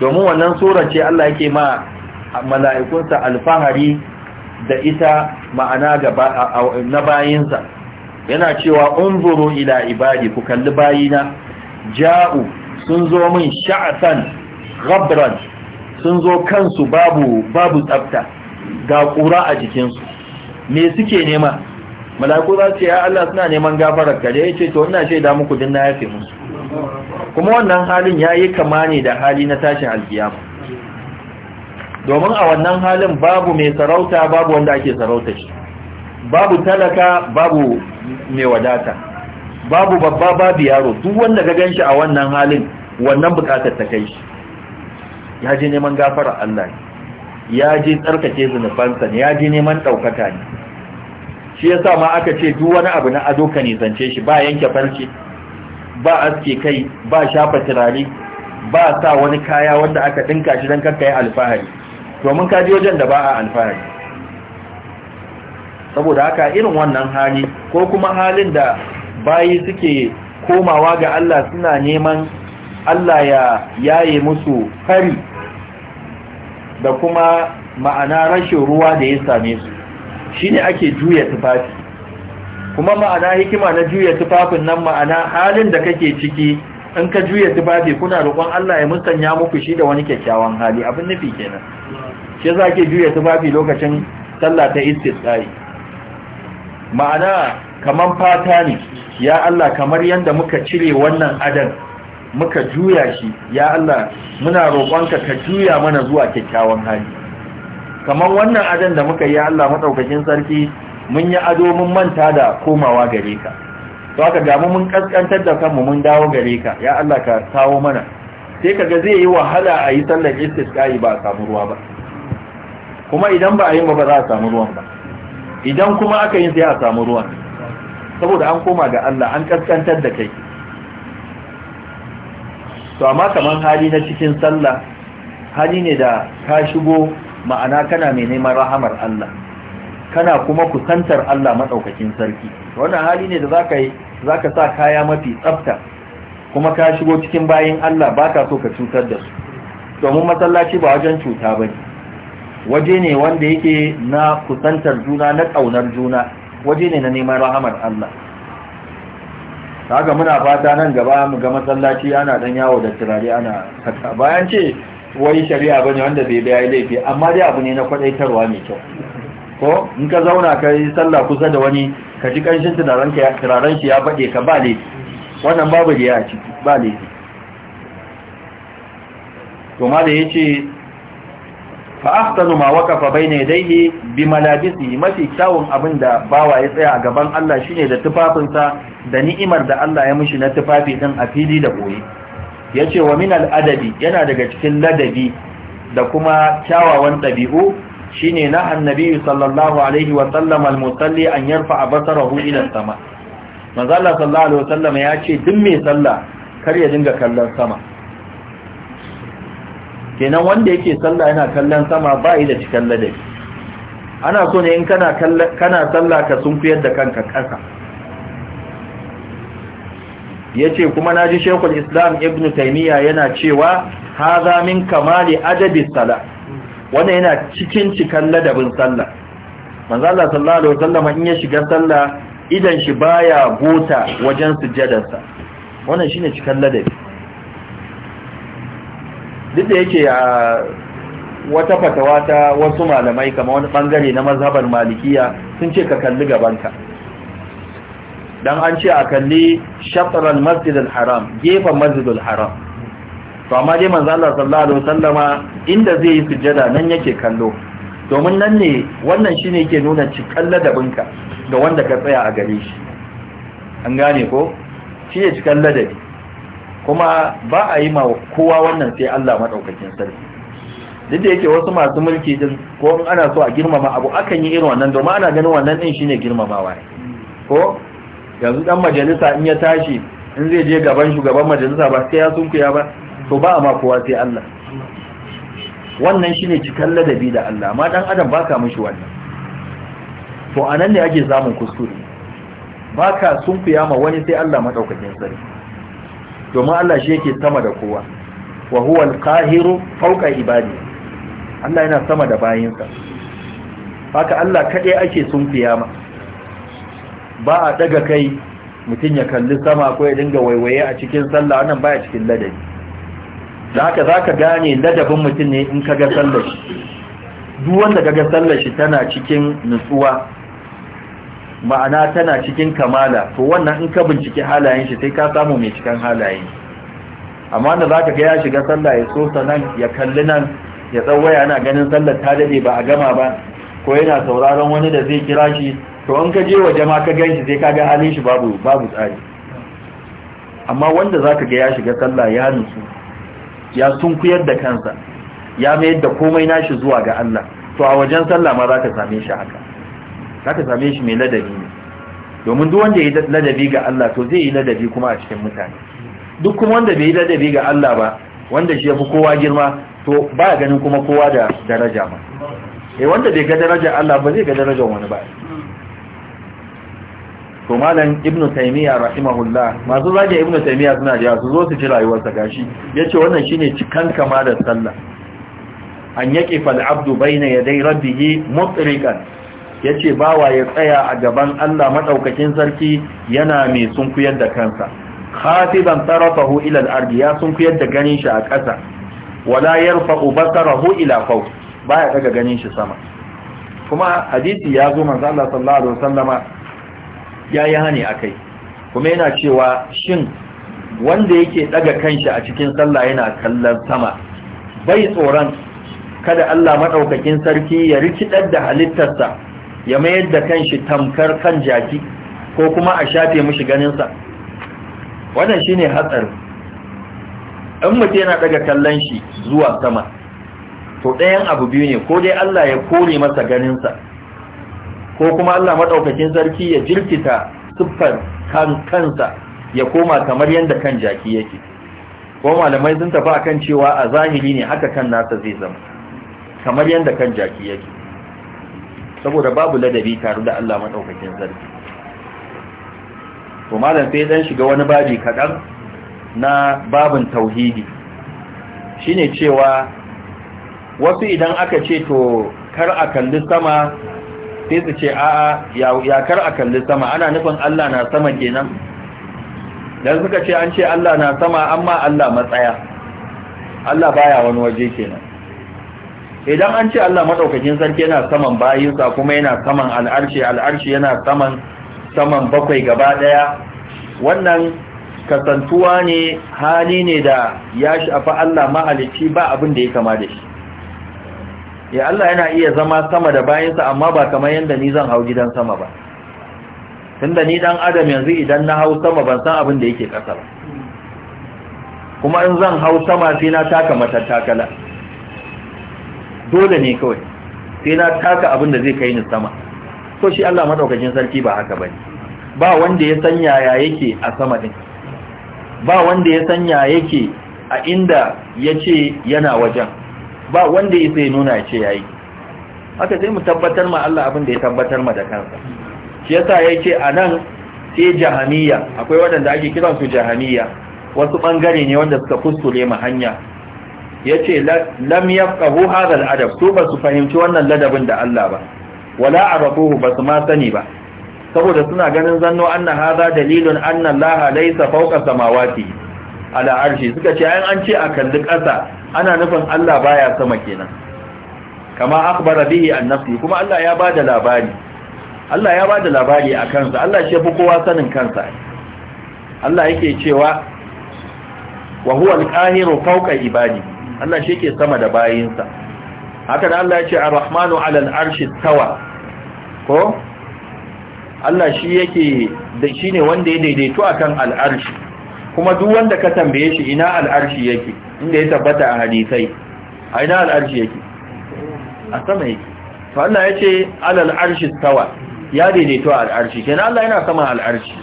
domin wannan sura ce Allah yake ma mala'ikunsa alfahari da ita ma'ana na bayinsa yana cewa unzuru ila ibadi ku kalli bayina ja'u sun zo min sha'san ghabran sun zo kansu babu babu tsafta ga kura a jikinsu me suke nema mala'iku za su ce ya Allah suna neman gafarar ka ya ce to ina shaida muku din na yafe musu kuma wannan halin yayi kama ne da hali na tashin alkiyama domin a wannan halin babu mai sarauta babu wanda ake sarauta shi babu talaka babu mai wadata babu babba babu yaro duk wanda ka ganshi a wannan halin wannan bukatar ta kai shi ya je neman gafara Allah ya je tsarkake zunubansa ne ya je neman ɗaukaka ne shi yasa ma aka ce duk wani abu na ado ka nisance shi ba yanke farce ba aske kai ba shafa turare ba sa wani kaya wanda aka dinka shi dan kakkai yi alfahari domin ka je wajen da ba a alfahari saboda haka irin wannan hali ko kuma halin da bayi suke komawa ga Allah suna neman Allah ya yaye musu fari da kuma ma'ana rashin ruwa da ya same su shine ake juya tufafi kuma ma'ana hikima na juya tufafin nan ma'ana halin da kake ciki in ka juya tufafi kuna roƙon Allah ya musanya muku shi da wani kyakkyawan hali abin nufi kenan shi yasa ake juya tufafi lokacin sallah ta istisqai ma'ana kamar fata ne ya Allah kamar yadda muka cire wannan adan muka juya shi ya Allah muna roƙonka ka juya mana zuwa kyakkyawan hali kamar wannan adan da muka yi ya Allah maɗaukakin sarki mun yi ado mun manta da komawa gare ka to aka gamu mun kaskantar da kanmu mun dawo gare ka ya Allah ka kawo mana sai kaga zai yi wahala a yi sallar istisqai ba a samu ruwa ba kuma idan ba a yi ba ba za a samu ruwan ba idan kuma aka yi sai a samu ruwan saboda an koma ga Allah an kaskantar da kai to amma kaman hali na cikin sallah hali ne da ka shigo ma'ana kana mai neman rahamar Allah kana kuma kusantar Allah madaukakin sarki wannan hali ne da zaka yi zaka sa kaya mafi tsafta kuma ka shigo cikin bayin Allah baka so ka cutar da su domin masallaci ba wajen cuta bane waje ne wanda yake na kusantar juna na ƙaunar juna waje ne na neman rahamar Allah haka muna fata nan gaba mu ga masallaci ana dan yawo da turare ana saka bayan ce wai shari'a bane wanda bai bai laifi amma dai abu ne na kwadaitarwa mai kyau ko in ka zauna ka yi sallah kusa da wani ka ji kanshin turaren ka turaren shi ya bade ka ba laifi wannan babu da ya ci ba laifi to ma da yace fa ahsanu ma waqafa bayna yadayhi bi malabisi mafi kyawun abin da bawa ya tsaya a gaban Allah shine da tufafinsa da ni'imar da Allah ya mishi na tufafi din a fili da boye yace wa min al-adabi yana daga cikin ladabi da kuma kyawawan dabi'u shine na annabi sallallahu alaihi wa sallam al-musalli an yarfa basarahu ila sama manzo Allah sallallahu alaihi wa sallam ya ce duk mai sallah kar ya dinga kallon sama kenan wanda yake sallah yana kallon sama ba yi da cikin ladabi ana so ne in kana sallah ka sunkuyar da kanka ƙasa ce kuma na ji shekul Islam Ibn taimiyya yana cewa za min kamali adabi salah wanda yana cikin cikan ladabin sallah manzo Allah sallallahu alaihi in ya shiga sallah idan shi baya gota wajen sujjadarsa wannan shine cikan ladabi duk da yake a wata fatawa ta wasu malamai kama wani bangare na mazhabar malikiya sun ce ka kalli gabanka dan an ce a kalli shatran masjid haram gefen masjid al-haram to amma dai manzo Allah sallallahu alaihi wasallama inda zai yi sujada nan yake kallo domin nan ne wannan shine yake nuna cikan ladabinka ga wanda ka tsaya a gare shi an gane ko shi ne cikan ladabi kuma ba a yi ma kowa wannan sai Allah maɗaukakin sarki duk da yake wasu masu mulki din ko in ana so a girmama abu akan yi irin wannan domin ana ganin wannan din shine girmamawa ko yanzu dan majalisa in ya tashi in zai je gaban shugaban majalisa ba sai ya sunkuya ba to ba a ma kowa sai Allah wannan shine cikan ladabi da Allah amma dan adam baka mishi wannan to anan ne ake samun kuskure baka sunkuya ma wani sai Allah madaukakin sarki domin Allah shi yake sama da kowa wa huwa al-qahiru fawqa ibadi Allah yana sama da bayinsa haka Allah kade ake sun kiyama ba a daga kai mutum ya kalli sama ko ya dinga waiwaye a cikin sallah wannan baya cikin ladabi da haka zaka gane ladabin mutum ne in kaga sallar shi duk wanda kaga sallar shi tana cikin nutsuwa ma'ana tana cikin kamala to wannan in ka binciki halayen shi sai ka samu mai cikin halayen amma da za ka ga ya shiga sallah ya so nan ya kalli nan ya tsawaya yana ganin sallar ta dade ba a gama ba ko yana sauraron wani da zai kira shi to in ka je waje ma ka gan sai ka ga halin shi babu babu tsari amma wanda za ga ya shiga sallah ya nutsu ya sunkuyar da kansa ya mayar da komai nashi zuwa ga Allah to a wajen sallah ma zaka same shi haka za ta same shi mai ladabi ne domin duk wanda ya yi ladabi ga Allah to zai yi ladabi kuma a cikin mutane duk kuma wanda bai yi ladabi ga Allah ba wanda shi ya fi kowa girma to ba ganin kuma kowa da daraja ba eh wanda bai ga daraja Allah ba zai ga darajar wani ba to malam Ibn taymiya rahimahullah masu zaje Ibn taymiya suna da su zo su ji rayuwarsa gashi yace wannan shine cikan kama da sallah an yaqif al-abdu bayna yaday rabbih mutriqan ya ce bawa ya tsaya a gaban Allah maɗaukakin sarki yana mai sunkuyar da kansa khatiban tarafahu ila al-ard ya sunkuyar da ganin shi a ƙasa wala yarfa'u basarahu ila faw baya daga ganin shi sama kuma hadisi ya zo manzo Allah sallallahu alaihi wasallama yayi hani akai kuma yana cewa shin wanda yake ɗaga kanshi a cikin sallah yana kallon sama bai tsoron kada Allah maɗaukakin sarki ya rikidar da halittarsa ya mayar da kanshi tamkar kan jaki ko kuma a shafe mishi ganinsa wannan shine hatsari in mutum yana daga kallon shi zuwa sama to ɗayan abu biyu ne ko dai Allah ya kore masa ganinsa ko kuma Allah maɗaukakin sarki ya jirkita siffar kan kansa ya koma kamar yadda kan jaki yake ko malamai sun tafi akan cewa a zahiri ne haka kan nasa zai zama kamar yadda kan jaki yake saboda babu ladabi tare da Allah madaukakin sarki to malam sai dan shiga wani babi kaɗan na babin tauhidi shine cewa wasu idan aka ce to kar a kalli sama sai su ce a'a ya kar a kalli sama ana nufin Allah na sama kenan dan suka ce an ce Allah na sama amma Allah matsaya Allah baya wani waje kenan idan an ce Allah madaukakin sarki yana saman bayinsa kuma yana saman al'arshi al'arshi yana saman saman bakwai gaba daya wannan kasantuwa ne hali ne da ya shafi Allah mahalicci ba abin da ya kama da shi ya Allah yana iya zama sama da bayansa amma ba kamar yadda ni zan hau gidan sama ba tunda ni dan adam yanzu idan na hau sama ban san abin da yake kasa ba kuma in zan hau sama sai na taka matattakala dole ne kawai sai na taka abin da zai kai ni sama ko shi Allah madaukakin sarki ba haka bane ba wanda ya san yaya yake a sama din ba wanda ya san yake a inda yace yana wajen ba wanda ya sai nuna yace yayi haka sai mu tabbatar ma Allah abin da ya tabbatar ma da kansa shi yasa yace anan sai jahamiya akwai waɗanda ake kiransu jahamiya wasu ɓangare ne wanda suka kuskure ma hanya ce lam yafqahu hadha al-adab su ba su fahimci wannan ladabin da Allah ba wala arafuhu ba su ma sani ba saboda suna ganin zanno anna hadha dalilun anna Allah laysa fawqa samawati ala arshi suka ce ayan an ce a kalli ƙasa ana nufin Allah baya sama kenan kama akhbara bihi an kuma Allah ya bada labari Allah ya bada labari a kansa Allah shi fi kowa sanin kansa Allah yake cewa wa huwa al-qahiru fawqa ibadihi Allah shi ke sama da bayinsa haka da Allah ya ce ar-rahmanu alal arshi tawa ko Allah shi yake da shi ne wanda ya daidaito akan al'arshi kuma duk wanda ka tambaye shi ina al'arshi yake inda ya tabbata a hadisai a ina al'arshi yake a sama yake to Allah ya ce alal arshi tawa ya daidaito a al'arshi kenan Allah yana sama al'arshi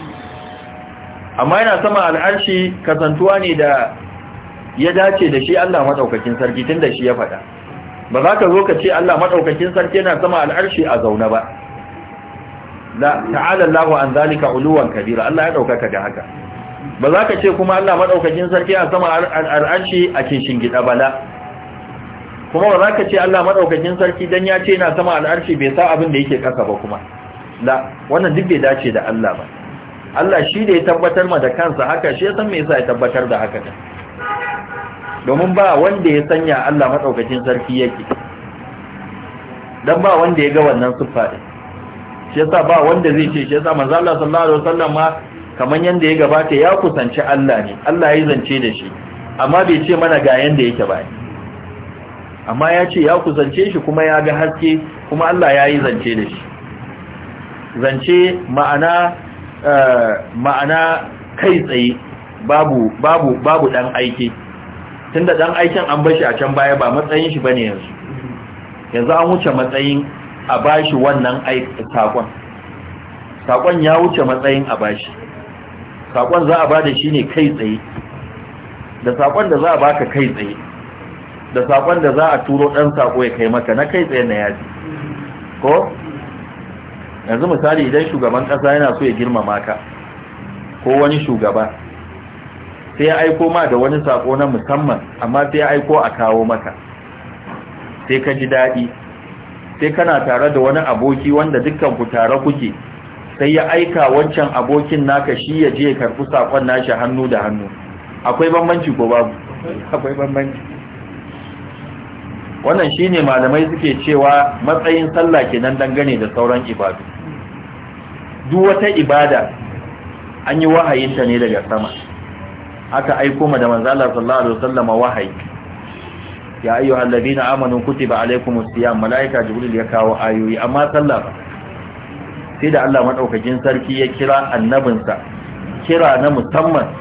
amma yana sama al'arshi kasantuwa ne da ya dace da shi Allah maɗaukakin sarki tun da shi ya faɗa ba za ka zo ka ce Allah maɗaukakin sarki yana sama al'arshi a zauna ba la ta'ala Allahu an zalika uluwan kabira Allah ya ɗaukaka da haka ba za ka ce kuma Allah maɗaukakin sarki a sama al'arshi a kishin gida bala kuma ba za ka ce Allah maɗaukakin sarki don ya ce yana sama al'arshi bai sa abin da yake kasa ba kuma la wannan duk bai dace da Allah ba Allah shi da ya tabbatar ma da kansa haka shi ya san me yasa ya tabbatar da haka domin ba wanda ya sanya Allah maɗaukacin sarki yake don ba wanda ya ga wannan siffa ɗin shi yasa ba wanda zai ce shi yasa manzo Allah sallallahu alaihi wasallam ma kamar yadda ya gabata ya kusanci Allah ne Allah ya zance da shi amma bai ce mana ga yanda yake ba amma ya ce ya kusance shi kuma ya ga haske kuma Allah ya yi zance da shi zance ma'ana eh, ma'ana kai tsaye babu babu babu dan aiki tunda dan aikin an bashi a can baya ba matsayin shi bane yanzu yanzu an wuce matsayin a bashi wannan sakon sakon ya wuce matsayin a bashi sakon za a bada shi ne kai tsaye da sakon da za a baka kai tsaye da sakon da za a turo dan sako ya kai maka na kai tsaye na yaji ko yanzu misali idan shugaban kasa yana so ya girmama ka ko wani shugaba sai ya aiko ma da wani sako na musamman amma sai ya aiko a kawo maka sai ka ji daɗi sai kana tare da wani aboki wanda dukkan ku tare kuke sai ya aika wancan abokin naka shi ya je karɓi sakon nashi hannu da hannu akwai bambanci ko babu akwai bambanci wannan shine malamai suke cewa matsayin sallah kenan dangane da sauran ibadu duk wata ibada an yi wahayinta ne daga sama aka aiko ma da manzo Allah sallallahu alaihi wasallam wahayi ya ayyuhal ladina amanu kutiba alaikumus siyam malaika jibril ya kawo ayoyi amma sallah sai da Allah madaukakin sarki ya kira annabinsa kira na musamman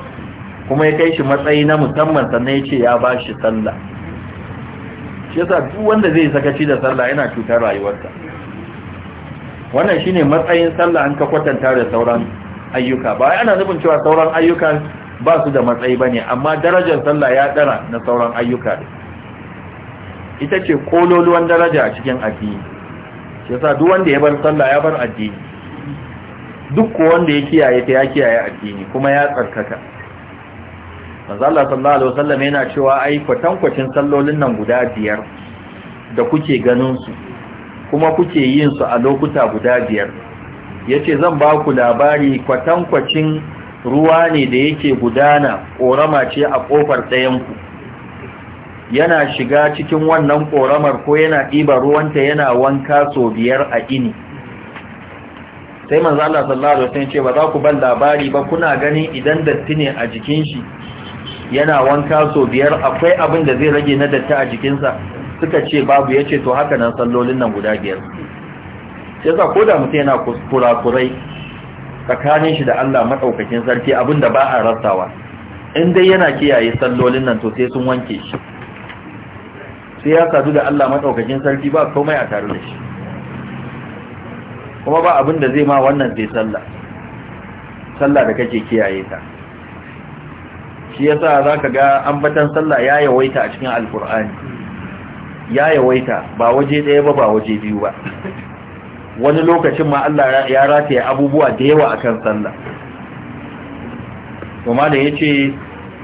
kuma ya kai shi matsayi na musamman sannan ya ce ya ba shi sallah shi yasa duk wanda zai sakaci da sallah yana cutar rayuwarsa wannan shine matsayin sallah an ka kwatanta da sauran ayyuka ba ana nufin cewa sauran ayyukan ba su da matsayi ba ne amma darajar sallah ya ɗara na sauran ayyuka ita ce kololuwan daraja a cikin addini shi yasa duk wanda ya bar sallah ya bar addini duk ko wanda ya kiyaye ta ya kiyaye addini kuma ya tsarkaka manzo Allah sallallahu alaihi wasallam yana cewa ai kwatankwacin sallolin nan guda biyar da kuke ganin su kuma kuke yin su a lokuta guda biyar yace zan ba ku labari kwatankwacin ruwa ne da yake gudana ƙorama ce a ƙofar ɗayanku yana shiga cikin wannan ƙoramar ko yana ɗiba ruwanta yana wanka sau biyar a ini sai manzo Allah sallallahu alaihi wasallam ce ba za ku bar labari ba kuna ganin idan datti ne a jikin shi yana wanka sau biyar akwai abin da zai rage na datti a jikinsa suka ce babu yace to haka nan sallolin nan guda biyar yasa ko da mutum yana kurakurai tsakanin shi da Allah madaukakin sarki abinda ba a rasawa in dai yana kiyaye sallolin nan to sai sun wanke shi sai ya sadu da Allah madaukakin sarki ba komai a tare da shi kuma ba abinda zai ma wannan zai sallah sallah da kake kiyaye ta shi yasa ka ga ambatan sallah ya yawaita a cikin alqur'ani ya yawaita ba waje ɗaya ba ba waje biyu ba wani lokacin ma Allah ya rataye abubuwa da yawa akan sallah da ya yace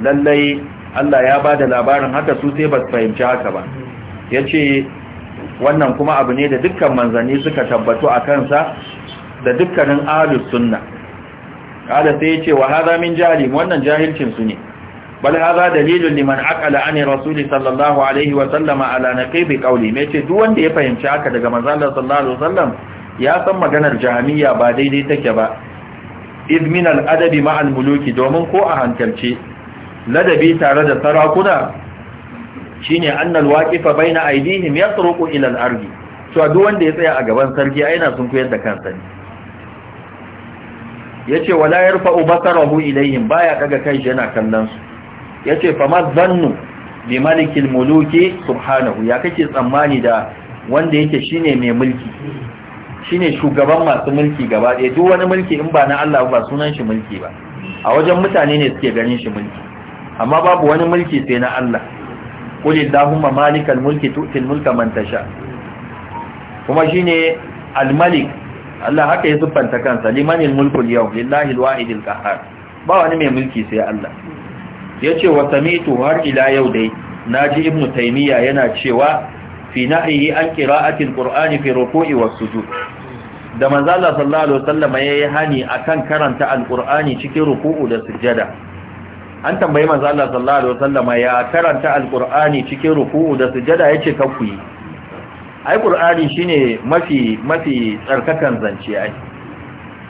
lallai Allah ya bada labarin haka su sai ba fahimci haka ba yace wannan kuma abu ne da dukkan manzanni suka tabbatu a kansa da dukkanin ahlus sunna kada sai yace wa haza min jahili wannan jahilcin su ne bal dalilin dalilun liman aqala an rasuli? sallallahu alaihi wa sallama ala naqibi qawli me yace duk wanda ya fahimci haka daga manzon Allah sallallahu alaihi ya san maganar jahamiya ba daidai take ba izmin al'adabi ma'al muluki domin ko a hankalce ladabi tare da sarakuna shine annal waqifa baina aydihim yasruqu ila al-ard to duk wanda ya tsaya a gaban sarki aina sun koyar da kansa ne yace wala yarfa'u ubasarahu ilayhim baya kaga kai yana kallon su yace fama zannu bi malikil muluki subhanahu ya kake tsammani da wanda yake shine mai mulki shine shugaban masu mulki gaba ɗaya duk wani mulki in ba na Allah ba sunan shi mulki ba a wajen mutane ne suke ganin shi mulki amma babu wani mulki sai na Allah qul illahumma malikal mulki tu'til mulka man tasha kuma shine al-malik Allah haka ya siffanta kansa limanil mulku al-yawm lillahi al-wahidil qahhar ba wani mai mulki sai Allah yace wa samitu har ila yau dai naji ibnu taymiya yana cewa fi nahyi an qira'ati al-qur'ani fi ruku'i was sujud da manzala sallallahu alaihi wasallam ya yi hani akan karanta alqur'ani cikin ruku'u da sujjada an tambayi manzala sallallahu alaihi wasallam ya karanta alqur'ani cikin ruku'u da sujjada yace kan ku yi ai qur'ani shine mafi mafi tsarkakan zance ai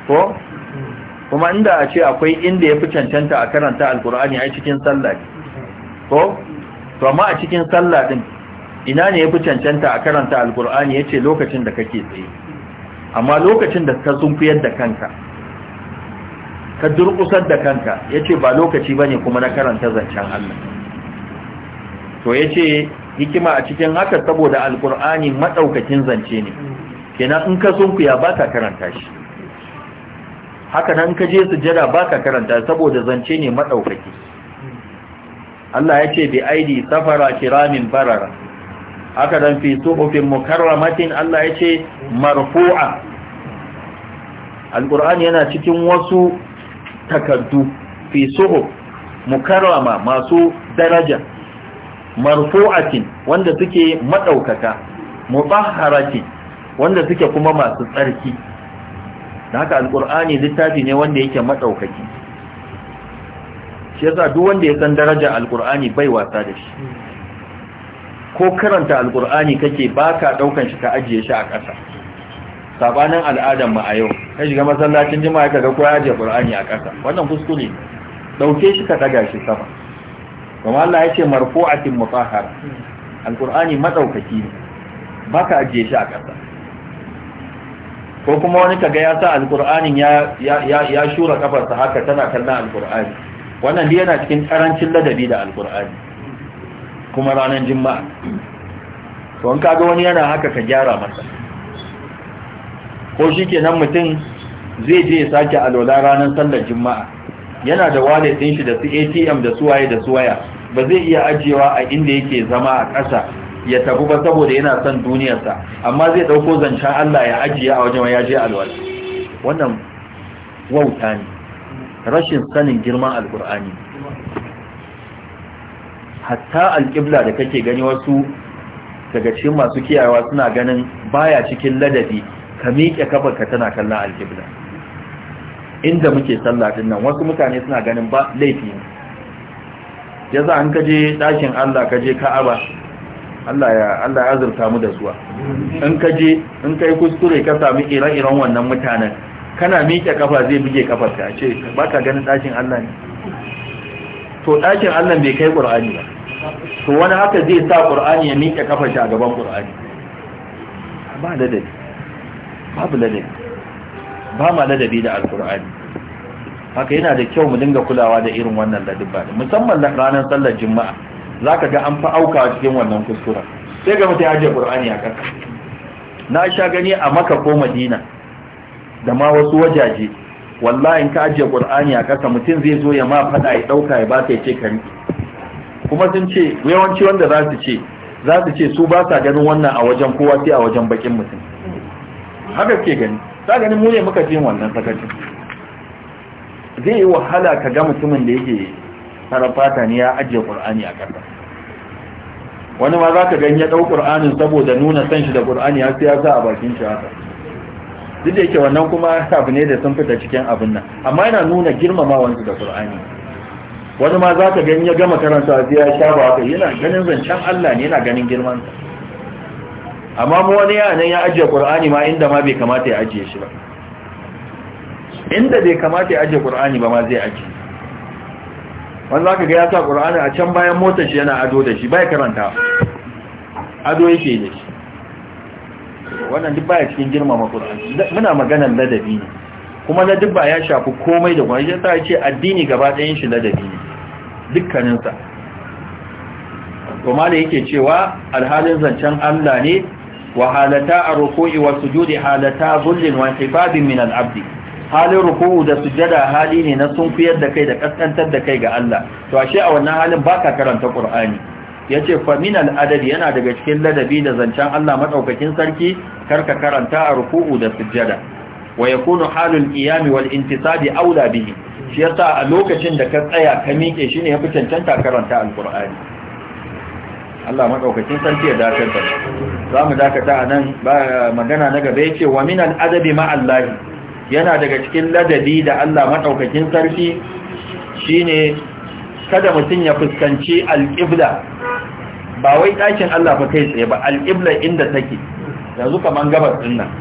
ko kuma inda a ce akwai inda yafi cancanta a karanta alqur'ani ai cikin sallah ko to amma a cikin sallah din ina ne yafi cancanta a karanta alqur'ani yace lokacin da kake tsaye amma lokacin da ka sunkuyar da kanka ka durkusar da kanka yace ba lokaci bane kuma na karanta zancen Allah to yace hikima a cikin haka saboda alkur'ani madaukakin zance ne kenan in ka sunkuya baka karanta shi haka nan ka je ba baka karanta saboda zance ne madaukaki Allah yace bi aidi safara kiramin barara haka dan fi suhufin mukarramatin Allah ya ce marfu'a alqur'ani yana cikin wasu takaddu fi suhu mukarrama masu daraja marfu'atin wanda suke madaukaka mutahharatin wanda suke kuma masu tsarki da haka Alƙur'ani littafi ne wanda yake maɗaukaki shi yasa duk wanda ya san daraja Alƙur'ani bai wasa da shi ko karanta Alƙur'ani kake baka daukan shi ka ajiye shi a ƙasa sabanin al'adan ma a yau ka shiga masallacin jima'a ka ga ko ajiye qur'ani a ƙasa wannan kuskure ne. dauke shi ka daga shi sama kuma Allah ya ce marfu'atin mutahhara Alƙur'ani madaukaki ne baka ajiye shi a ƙasa ko kuma wani kaga ya sa alkur'anin ya ya ya shura kafarsa haka tana kallon Alƙur'ani? wannan dai yana cikin karancin ladabi da Alƙur'ani. kuma ranar juma'a to an kaga wani yana haka ka gyara masa ko shi nan mutum zai je ya sake alola ranar sallar juma'a yana da wallet din shi da su ATM da su waye da su waya ba zai iya ajiyewa a inda yake zama a ƙasa ya tafi ba saboda yana son duniyarsa amma zai ɗauko zancen Allah ya ajiye a wajen ya je alwal wannan wauta ne rashin sanin girman alkur'ani hatta alƙibla da kake gani wasu daga cikin masu kiyawa suna ganin baya cikin ladabi ka miƙe kafarka tana kallon alƙibla inda muke sallah din nan wasu mutane suna ganin ba laifi ne za an kaje ɗakin Allah kaje Ka'aba Allah ya Allah ya azurta mu da zuwa in kaje in kai kuskure ka sami ire-iren wannan mutanen kana miƙe kafa zai buge kafarka ka ce ka ganin ɗakin Allah ne to ɗakin Allah bai kai Qur'ani ba to wani haka zai sa qur'ani ya miƙe kafar shi a gaban qur'ani ba ladabi babu ladabi ba ma ladabi da alƙur'ani haka yana da kyau mu dinga kulawa da irin wannan ladabba musamman ranar sallar juma'a zaka ga an fa auka cikin wannan kuskura sai ga mutum ya ajiye qur'ani a ƙasa na sha gani a maka ko madina da ma wasu wajaje wallahi in ka ajiye ƙur'ani a ƙasa mutum zai zo ya ma faɗa ya ɗauka ya ba ta ya ce ka riƙe kuma sun ce yawanci wanda za su ce za su ce su ba sa ganin wannan a wajen kowa sai a wajen bakin mutum haka ke gani ta ganin mu ne muka jin wannan sakacin zai yi wahala ka ga mutumin da yake sarrafata ne ya ajiye ƙur'ani a ƙasa wani ma za ka gani ya ɗau ƙur'anin saboda nuna san shi da ƙur'ani ya siya sa a bakin shi haka duk da yake wannan kuma abu ne da sun fita cikin abin nan amma yana nuna girmama wani da ƙur'ani wani ma za ka gani ya gama karanta a ziyar sha ba haka yana ganin zancen Allah ne yana ganin girman amma mu wani yana ya ajiye Kur'ani ma inda ma bai kamata ya ajiye shi ba inda bai kamata ya ajiye Kur'ani ba ma zai ajiye wani za ka ga ya sa ƙur'ani a can bayan motar shi yana ado da shi bai karanta ado yake da shi wannan duk baya cikin girmama ƙur'ani. muna maganar ladabi ne kuma na duk ba ya shafi komai da kuma ya sa ya ce addini gaba ɗayan shi ladabi ne dukkaninsa kuma da yake cewa alhalin zancen Allah ne wa a ruku'i wa sujudi halata zullin wa hifadin min al'abdi halin ruku'u da sujada hali ne na sunkuyar da kai da ƙasƙantar da kai ga Allah to ashe a wannan halin baka karanta ƙur'ani ya fa min al'adabi yana daga cikin ladabi da zancen Allah maɗaukakin sarki karka karanta a ruku'u da sujada wa yakunu halul iyami wal intisabi aula bihi shi yasa a lokacin da ka tsaya ka miƙe shi ne ya fi cancanta karanta alkur'ani Allah maɗaukacin sarki ya dakatar da za mu dakata a nan magana na gaba ya ce wa minan adabi ma'allahi yana daga cikin ladabi da Allah maɗaukacin sarki shi ne kada mutum ya fuskanci alƙibla ba wai ɗakin Allah fa kai tsaye ba alƙibla inda take yanzu kamar gabas ɗin nan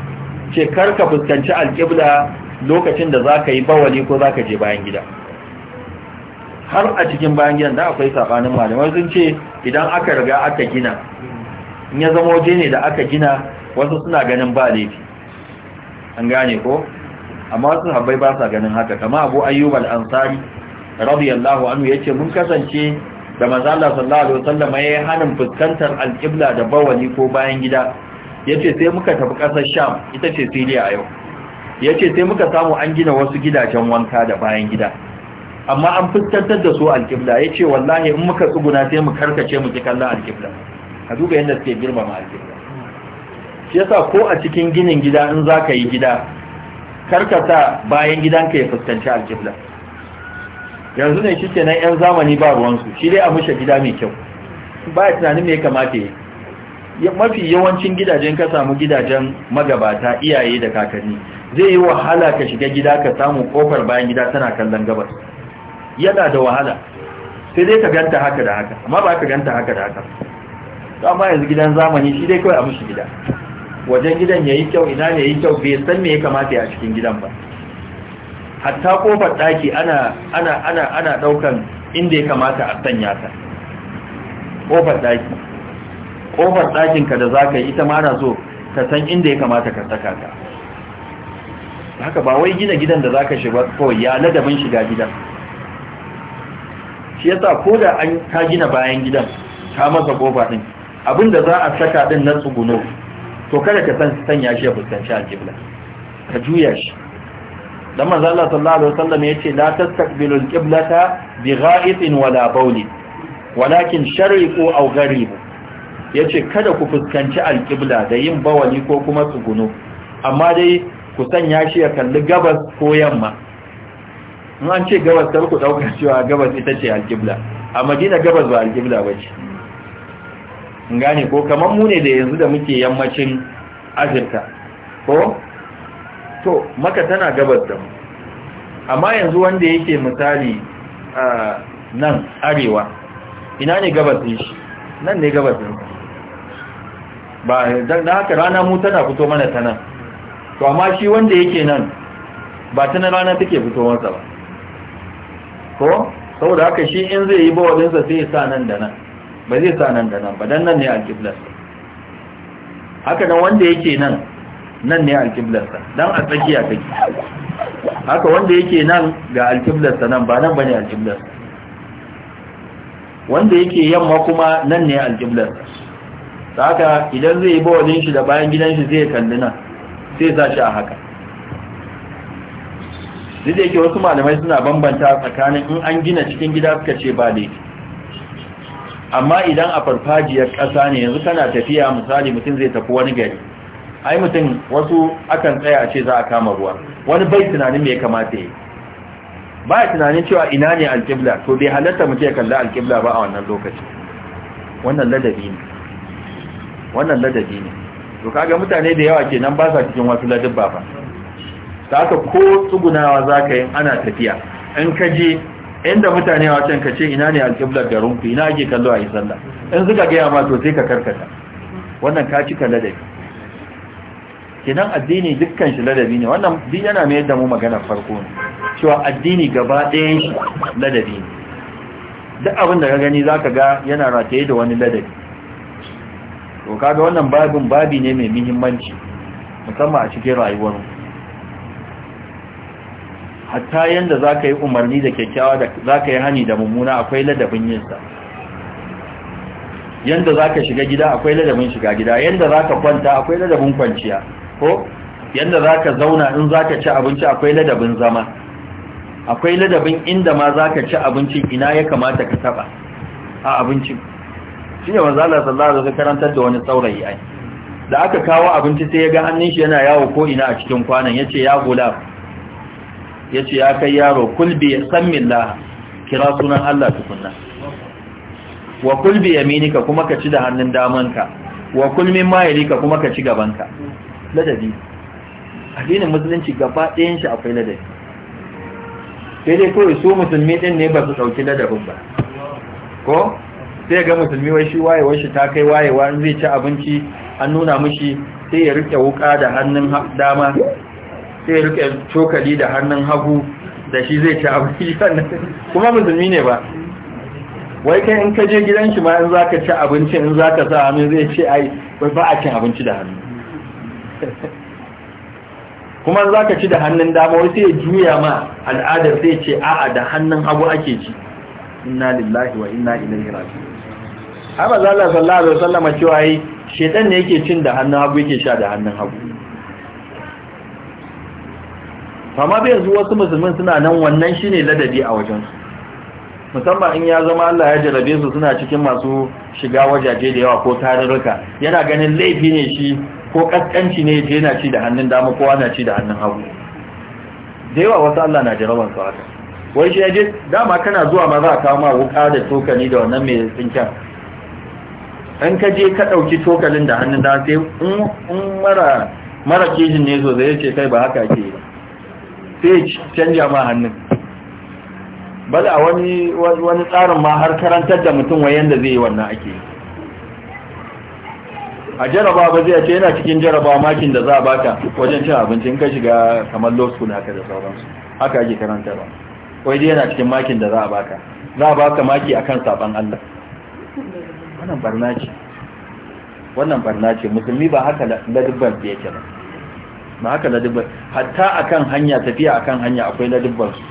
ce kar ka fuskanci alƙibla lokacin da za ka yi bawali ko za ka je bayan gida har a cikin bayan gidan da akwai sabanin malamai sun ce idan aka riga aka gina in ya zama waje ne da aka gina wasu suna ganin ba laifi an gane ko amma wasu habbai ba sa ganin haka kama abu ayyub al-ansari radiyallahu anhu yace mun kasance da manzo Allah sallallahu alaihi wasallam ya hanin fuskantar al da bawali ko bayan gida yace sai muka tafi kasar Sham ita ce a yau ya ce sai muka samu an gina wasu gidajen wanka da bayan gida amma an fuskantar da su alƙibla ya ce wallahi in muka tsuguna sai mu karkace mu ji kallon alƙibla ka duba yadda suke girmama alƙibla shi yasa ko a cikin ginin gida in za ka yi gida karkata bayan gidanka ya fuskanci alƙibla yanzu ne shi nan 'yan zamani ba ruwansu shi dai a mushe gida mai kyau ba ya tunanin me ya kamata ya yi mafi yawancin gidajen ka samu gidajen magabata iyaye da kakanni zai yi wahala ka shiga gida ka samu kofar bayan gida tana kallon gabas yana da wahala sai dai ka ganta haka da haka amma ba ka ganta haka da haka to amma yanzu gidan zamani shi dai kawai a mushi gida wajen gidan yayi kyau ina ne yayi kyau bai san me ya kamata ya cikin gidan ba hatta kofar daki ana ana ana ana daukan inda ya kamata a sanya ta kofar daki kofar ɗakinka da za ka yi ita mara so ka san inda ya kamata ka saka ka haka ba wai gina gidan da za ka shiga kawai ya ladabin shiga gidan shi yasa ko da an ka gina bayan gidan ka masa kofa ɗin abin da za a saka ɗin na tsuguno to kada ka san sanya shi ya fuskanci alƙibla ka juya shi dan manzo Allah sallallahu alaihi wasallam yace la tastaqbilul qiblata bi gha'itin wala bawli walakin shariqu aw gharibu ya ce kada ku fuskanci alƙibla da yin bawali ko kuma tsugunu amma dai ku sanya shi ya kalli gabas ko yamma in an ce gabas kar ku ɗaukar cewa gabas ita ce alƙibla a madina gabas ba alƙibla ba ce gane ko kamar mu ne da yanzu da muke yammacin afirka ko to maka tana gabas da mu amma yanzu wanda yake misali nan arewa ina ne gabas gabasin shi nan ne gabas gabasin ba da haka rana mu tana fito mana ta nan to amma shi wanda yake nan ba ta na rana take fito masa ba ko saboda haka shi in zai yi bawalinsa sai ya sa nan da nan ba zai sa nan da nan ba dan nan ne alƙiblarsa haka nan wanda yake nan nan ne alƙiblarsa dan a tsakiya take haka wanda yake nan ga alƙiblarsa nan ba nan bane alƙiblarsa wanda yake yamma kuma nan ne alƙiblarsa ta haka idan zai yi bawalin shi da bayan gidan shi zai kalli nan sai za shi a haka zai da yake wasu malamai suna bambanta tsakanin in an gina cikin gida suka ce ba laifi amma idan a farfajiyar ƙasa ne yanzu kana tafiya misali mutum zai tafi wani gari ai mutum wasu akan tsaya a ce za a kama ruwa wani bai tunanin me ya kamata yi ba ya tunanin cewa ina ne alƙibla to bai halatta mutum ya kalli alƙibla ba a wannan lokaci wannan ladabi ne wannan ladabi ne to kaga mutane da yawa kenan ba sa cikin wasu ladabba ba ta ka ko tsugunawa za ka yi ana tafiya in ka je inda mutane a can ka ce ina ne alƙiblar garin ku ina ake kallo a yi sallah in suka gaya ma to sai ka karkata wannan ka cika ladabi kenan addini dukkan shi ladabi ne wannan din yana mai yadda mu magana farko ne cewa addini gaba ɗaya shi ladabi ne duk abin da ka gani za ka ga yana rataye da wani ladabi to kaga wannan babin babi ne mai muhimmanci musamman a cikin rayuwar hatta yanda za ka yi umarni da kyakkyawa da za ka yi hani da mummuna akwai ladabin sa yanda za ka shiga gida akwai ladabin shiga gida yanda za ka kwanta akwai ladabin kwanciya ko yanda za ka zauna in za ka ci abinci akwai ladabin zama akwai ladabin inda ma za ka ci abinci ina ya kamata ka taba a abincin shine ne manzo Allah sallallahu alaihi wasallam karantar da wani saurayi ai da aka kawo abinci sai ya ga hannun shi yana yawo ko ina a cikin kwanan yace ya gulab yace ya kai yaro kulbi sammillah kira sunan Allah tukunna wa kulbi yaminika kuma ka ci da hannun damanka wa kulmin mayilika kuma ka ci gabanka ladabi addinin musulunci gaba ɗayan shi akwai ladabi sai dai kawai su musulmi ɗin ne ba su ɗauki ladabin ba ko sai ga musulmi wai shi wayewar shi ta kai wayewa in zai ci abinci an nuna mishi sai ya rike wuka da hannun dama sai ya rike cokali da hannun hagu da shi zai ci abinci kuma musulmi ne ba wai kai in ka je gidan shi ma in zaka ci abinci in zaka sa hannu zai ce ai wai ba a cin abinci da hannu kuma za ka ci da hannun dama wai sai ya juya ma al'adar sai ce a'a da hannun hagu ake ci inna lillahi wa inna ilaihi raji'un har a Allah sallallahu alaihi cewa yi shaitan ne yake cin da hannun hagu yake sha da hannun hagu fama bai yanzu wasu musulmin suna nan wannan shi ne ladabi a wajensu. musamman in ya zama Allah ya jarabe su suna cikin masu shiga wajaje da yawa ko tarurruka yana ganin laifi ne shi ko kaskanci ne ya yana ci da hannun dama ko ana ci da hannun hagu da yawa wasu Allah na jaraban su haka wai shi ya je dama kana zuwa ma za a kawo ma wuka da tokani da wannan mai tsinken in ka je ka ɗauki cokalin da hannun da sai in mara mara kejin ne so zai ce kai ba haka ke yi ba sai canja ma hannun ba a wani wani tsarin ma har karantar da mutum wa yanda zai yi wannan ake yi a jaraba ba zai ce yana cikin jaraba makin da za a baka wajen cin abinci in ka shiga kamar law school haka da sauransu haka ake karantarwa wai dai yana cikin makin da za a baka za a baka maki akan saban Allah wannan barna ce wannan barna ce musulmi ba haka ladubban da yake ba ba haka ladubban hatta akan hanya tafiya akan hanya akwai ladubban su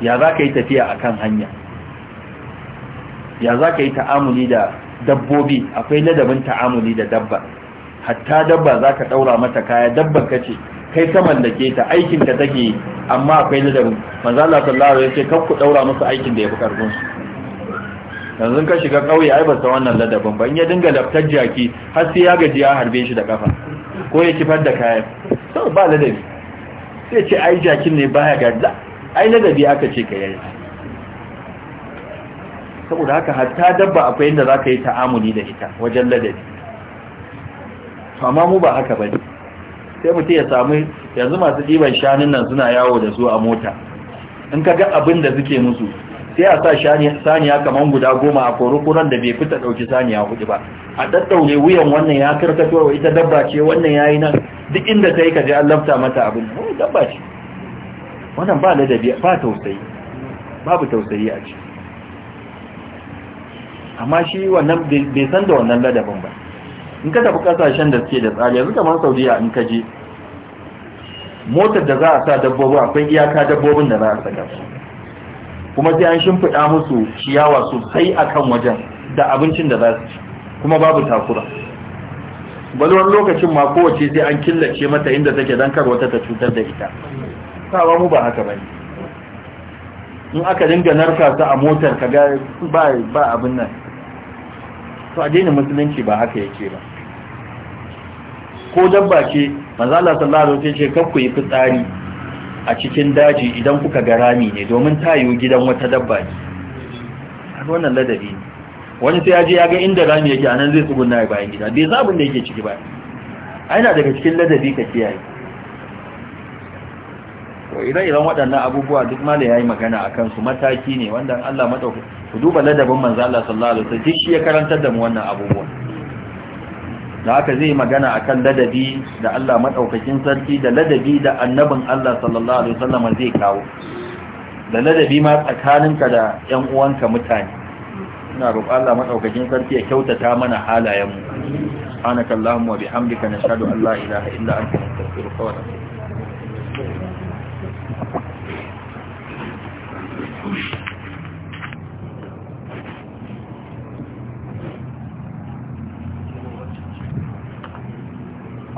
ya za ka yi tafiya akan hanya ya za ka yi ta'amuli da dabbobi akwai ladabin ta'amuli da dabba hatta dabba za ka ɗaura mata kaya dabban ka ce kai ka mallake ta aikin ka take amma akwai ladabin manzo Allah sallallahu alaihi wasallam ce kar ku ɗaura musu aikin da ya fi karfin su yanzu ka shiga ƙauye ai ba ta wannan ladabin ba in ya dinga laftar jaki har sai ya gaji ya harbe shi da kafa ko ya kifar da kayan sau ba ladabi sai ce ai jakin ne baya gaza ai ladabi aka ce ka yayi saboda haka hatta dabba akwai inda za ka yi ta'amuli da ita wajen ladabi To amma mu ba haka bane sai mutum ya samu yanzu masu ɗiban shanun nan suna yawo da su a mota in ka ga abin da suke musu sai a sa saniya kamar guda goma a korukuran da bai fita ɗauki saniya hudu ba a daddaure wuyan wannan ya wa ita dabba ce wannan ya yi nan duk inda ta yi kaji an lafta mata abin wani dabba ce wannan ba ladabi ba tausayi babu tausayi a ciki amma shi wannan bai san da wannan ladabin ba in ka tafi kasashen da suke da tsari yanzu kamar saudiya in ka je motar da za a sa dabbobi akwai iyaka dabbobin da za a saka su kuma sai an shimfiɗa musu ciyawa sosai a kan wajen da abincin da za su ci kuma babu takura wani lokacin ma kowace sai an killace mata inda take don kar wata ta cutar da ita sawa mu ba haka bane in aka dinga narka su a motar ka ga ba abin nan to addinin musulunci ba haka yake ba ko dabba ce manzo Allah sallallahu alaihi wasallam ce kar ku yi fitsari a cikin daji idan kuka ga rami ne domin tayo gidan wata dabba ne a wannan ladabi ne wani sai aje ya ga inda rami yake a nan zai tsugunna ya bayan gida bai zabin da yake ciki ba aina daga cikin ladabi ka kiyaye to idan idan waɗannan abubuwa duk mala yi magana a kansu mataki ne wanda Allah madauki ku duba ladabin manzo Allah sallallahu alaihi wasallam shi ya karantar da mu wannan abubuwa da aka zai magana akan ladabi da Allah madaukakin sarki da ladabi da annabin Allah sallallahu alaihi wasallam zai kawo da ladabi ma tsakaninka da ƴan uwanka mutane ina roƙon Allah madaukakin sarki ya kyautata mana halayenmu subhanakallahumma wa bihamdika nashhadu an la ilaha illa anta nastaghfiruka wa natubu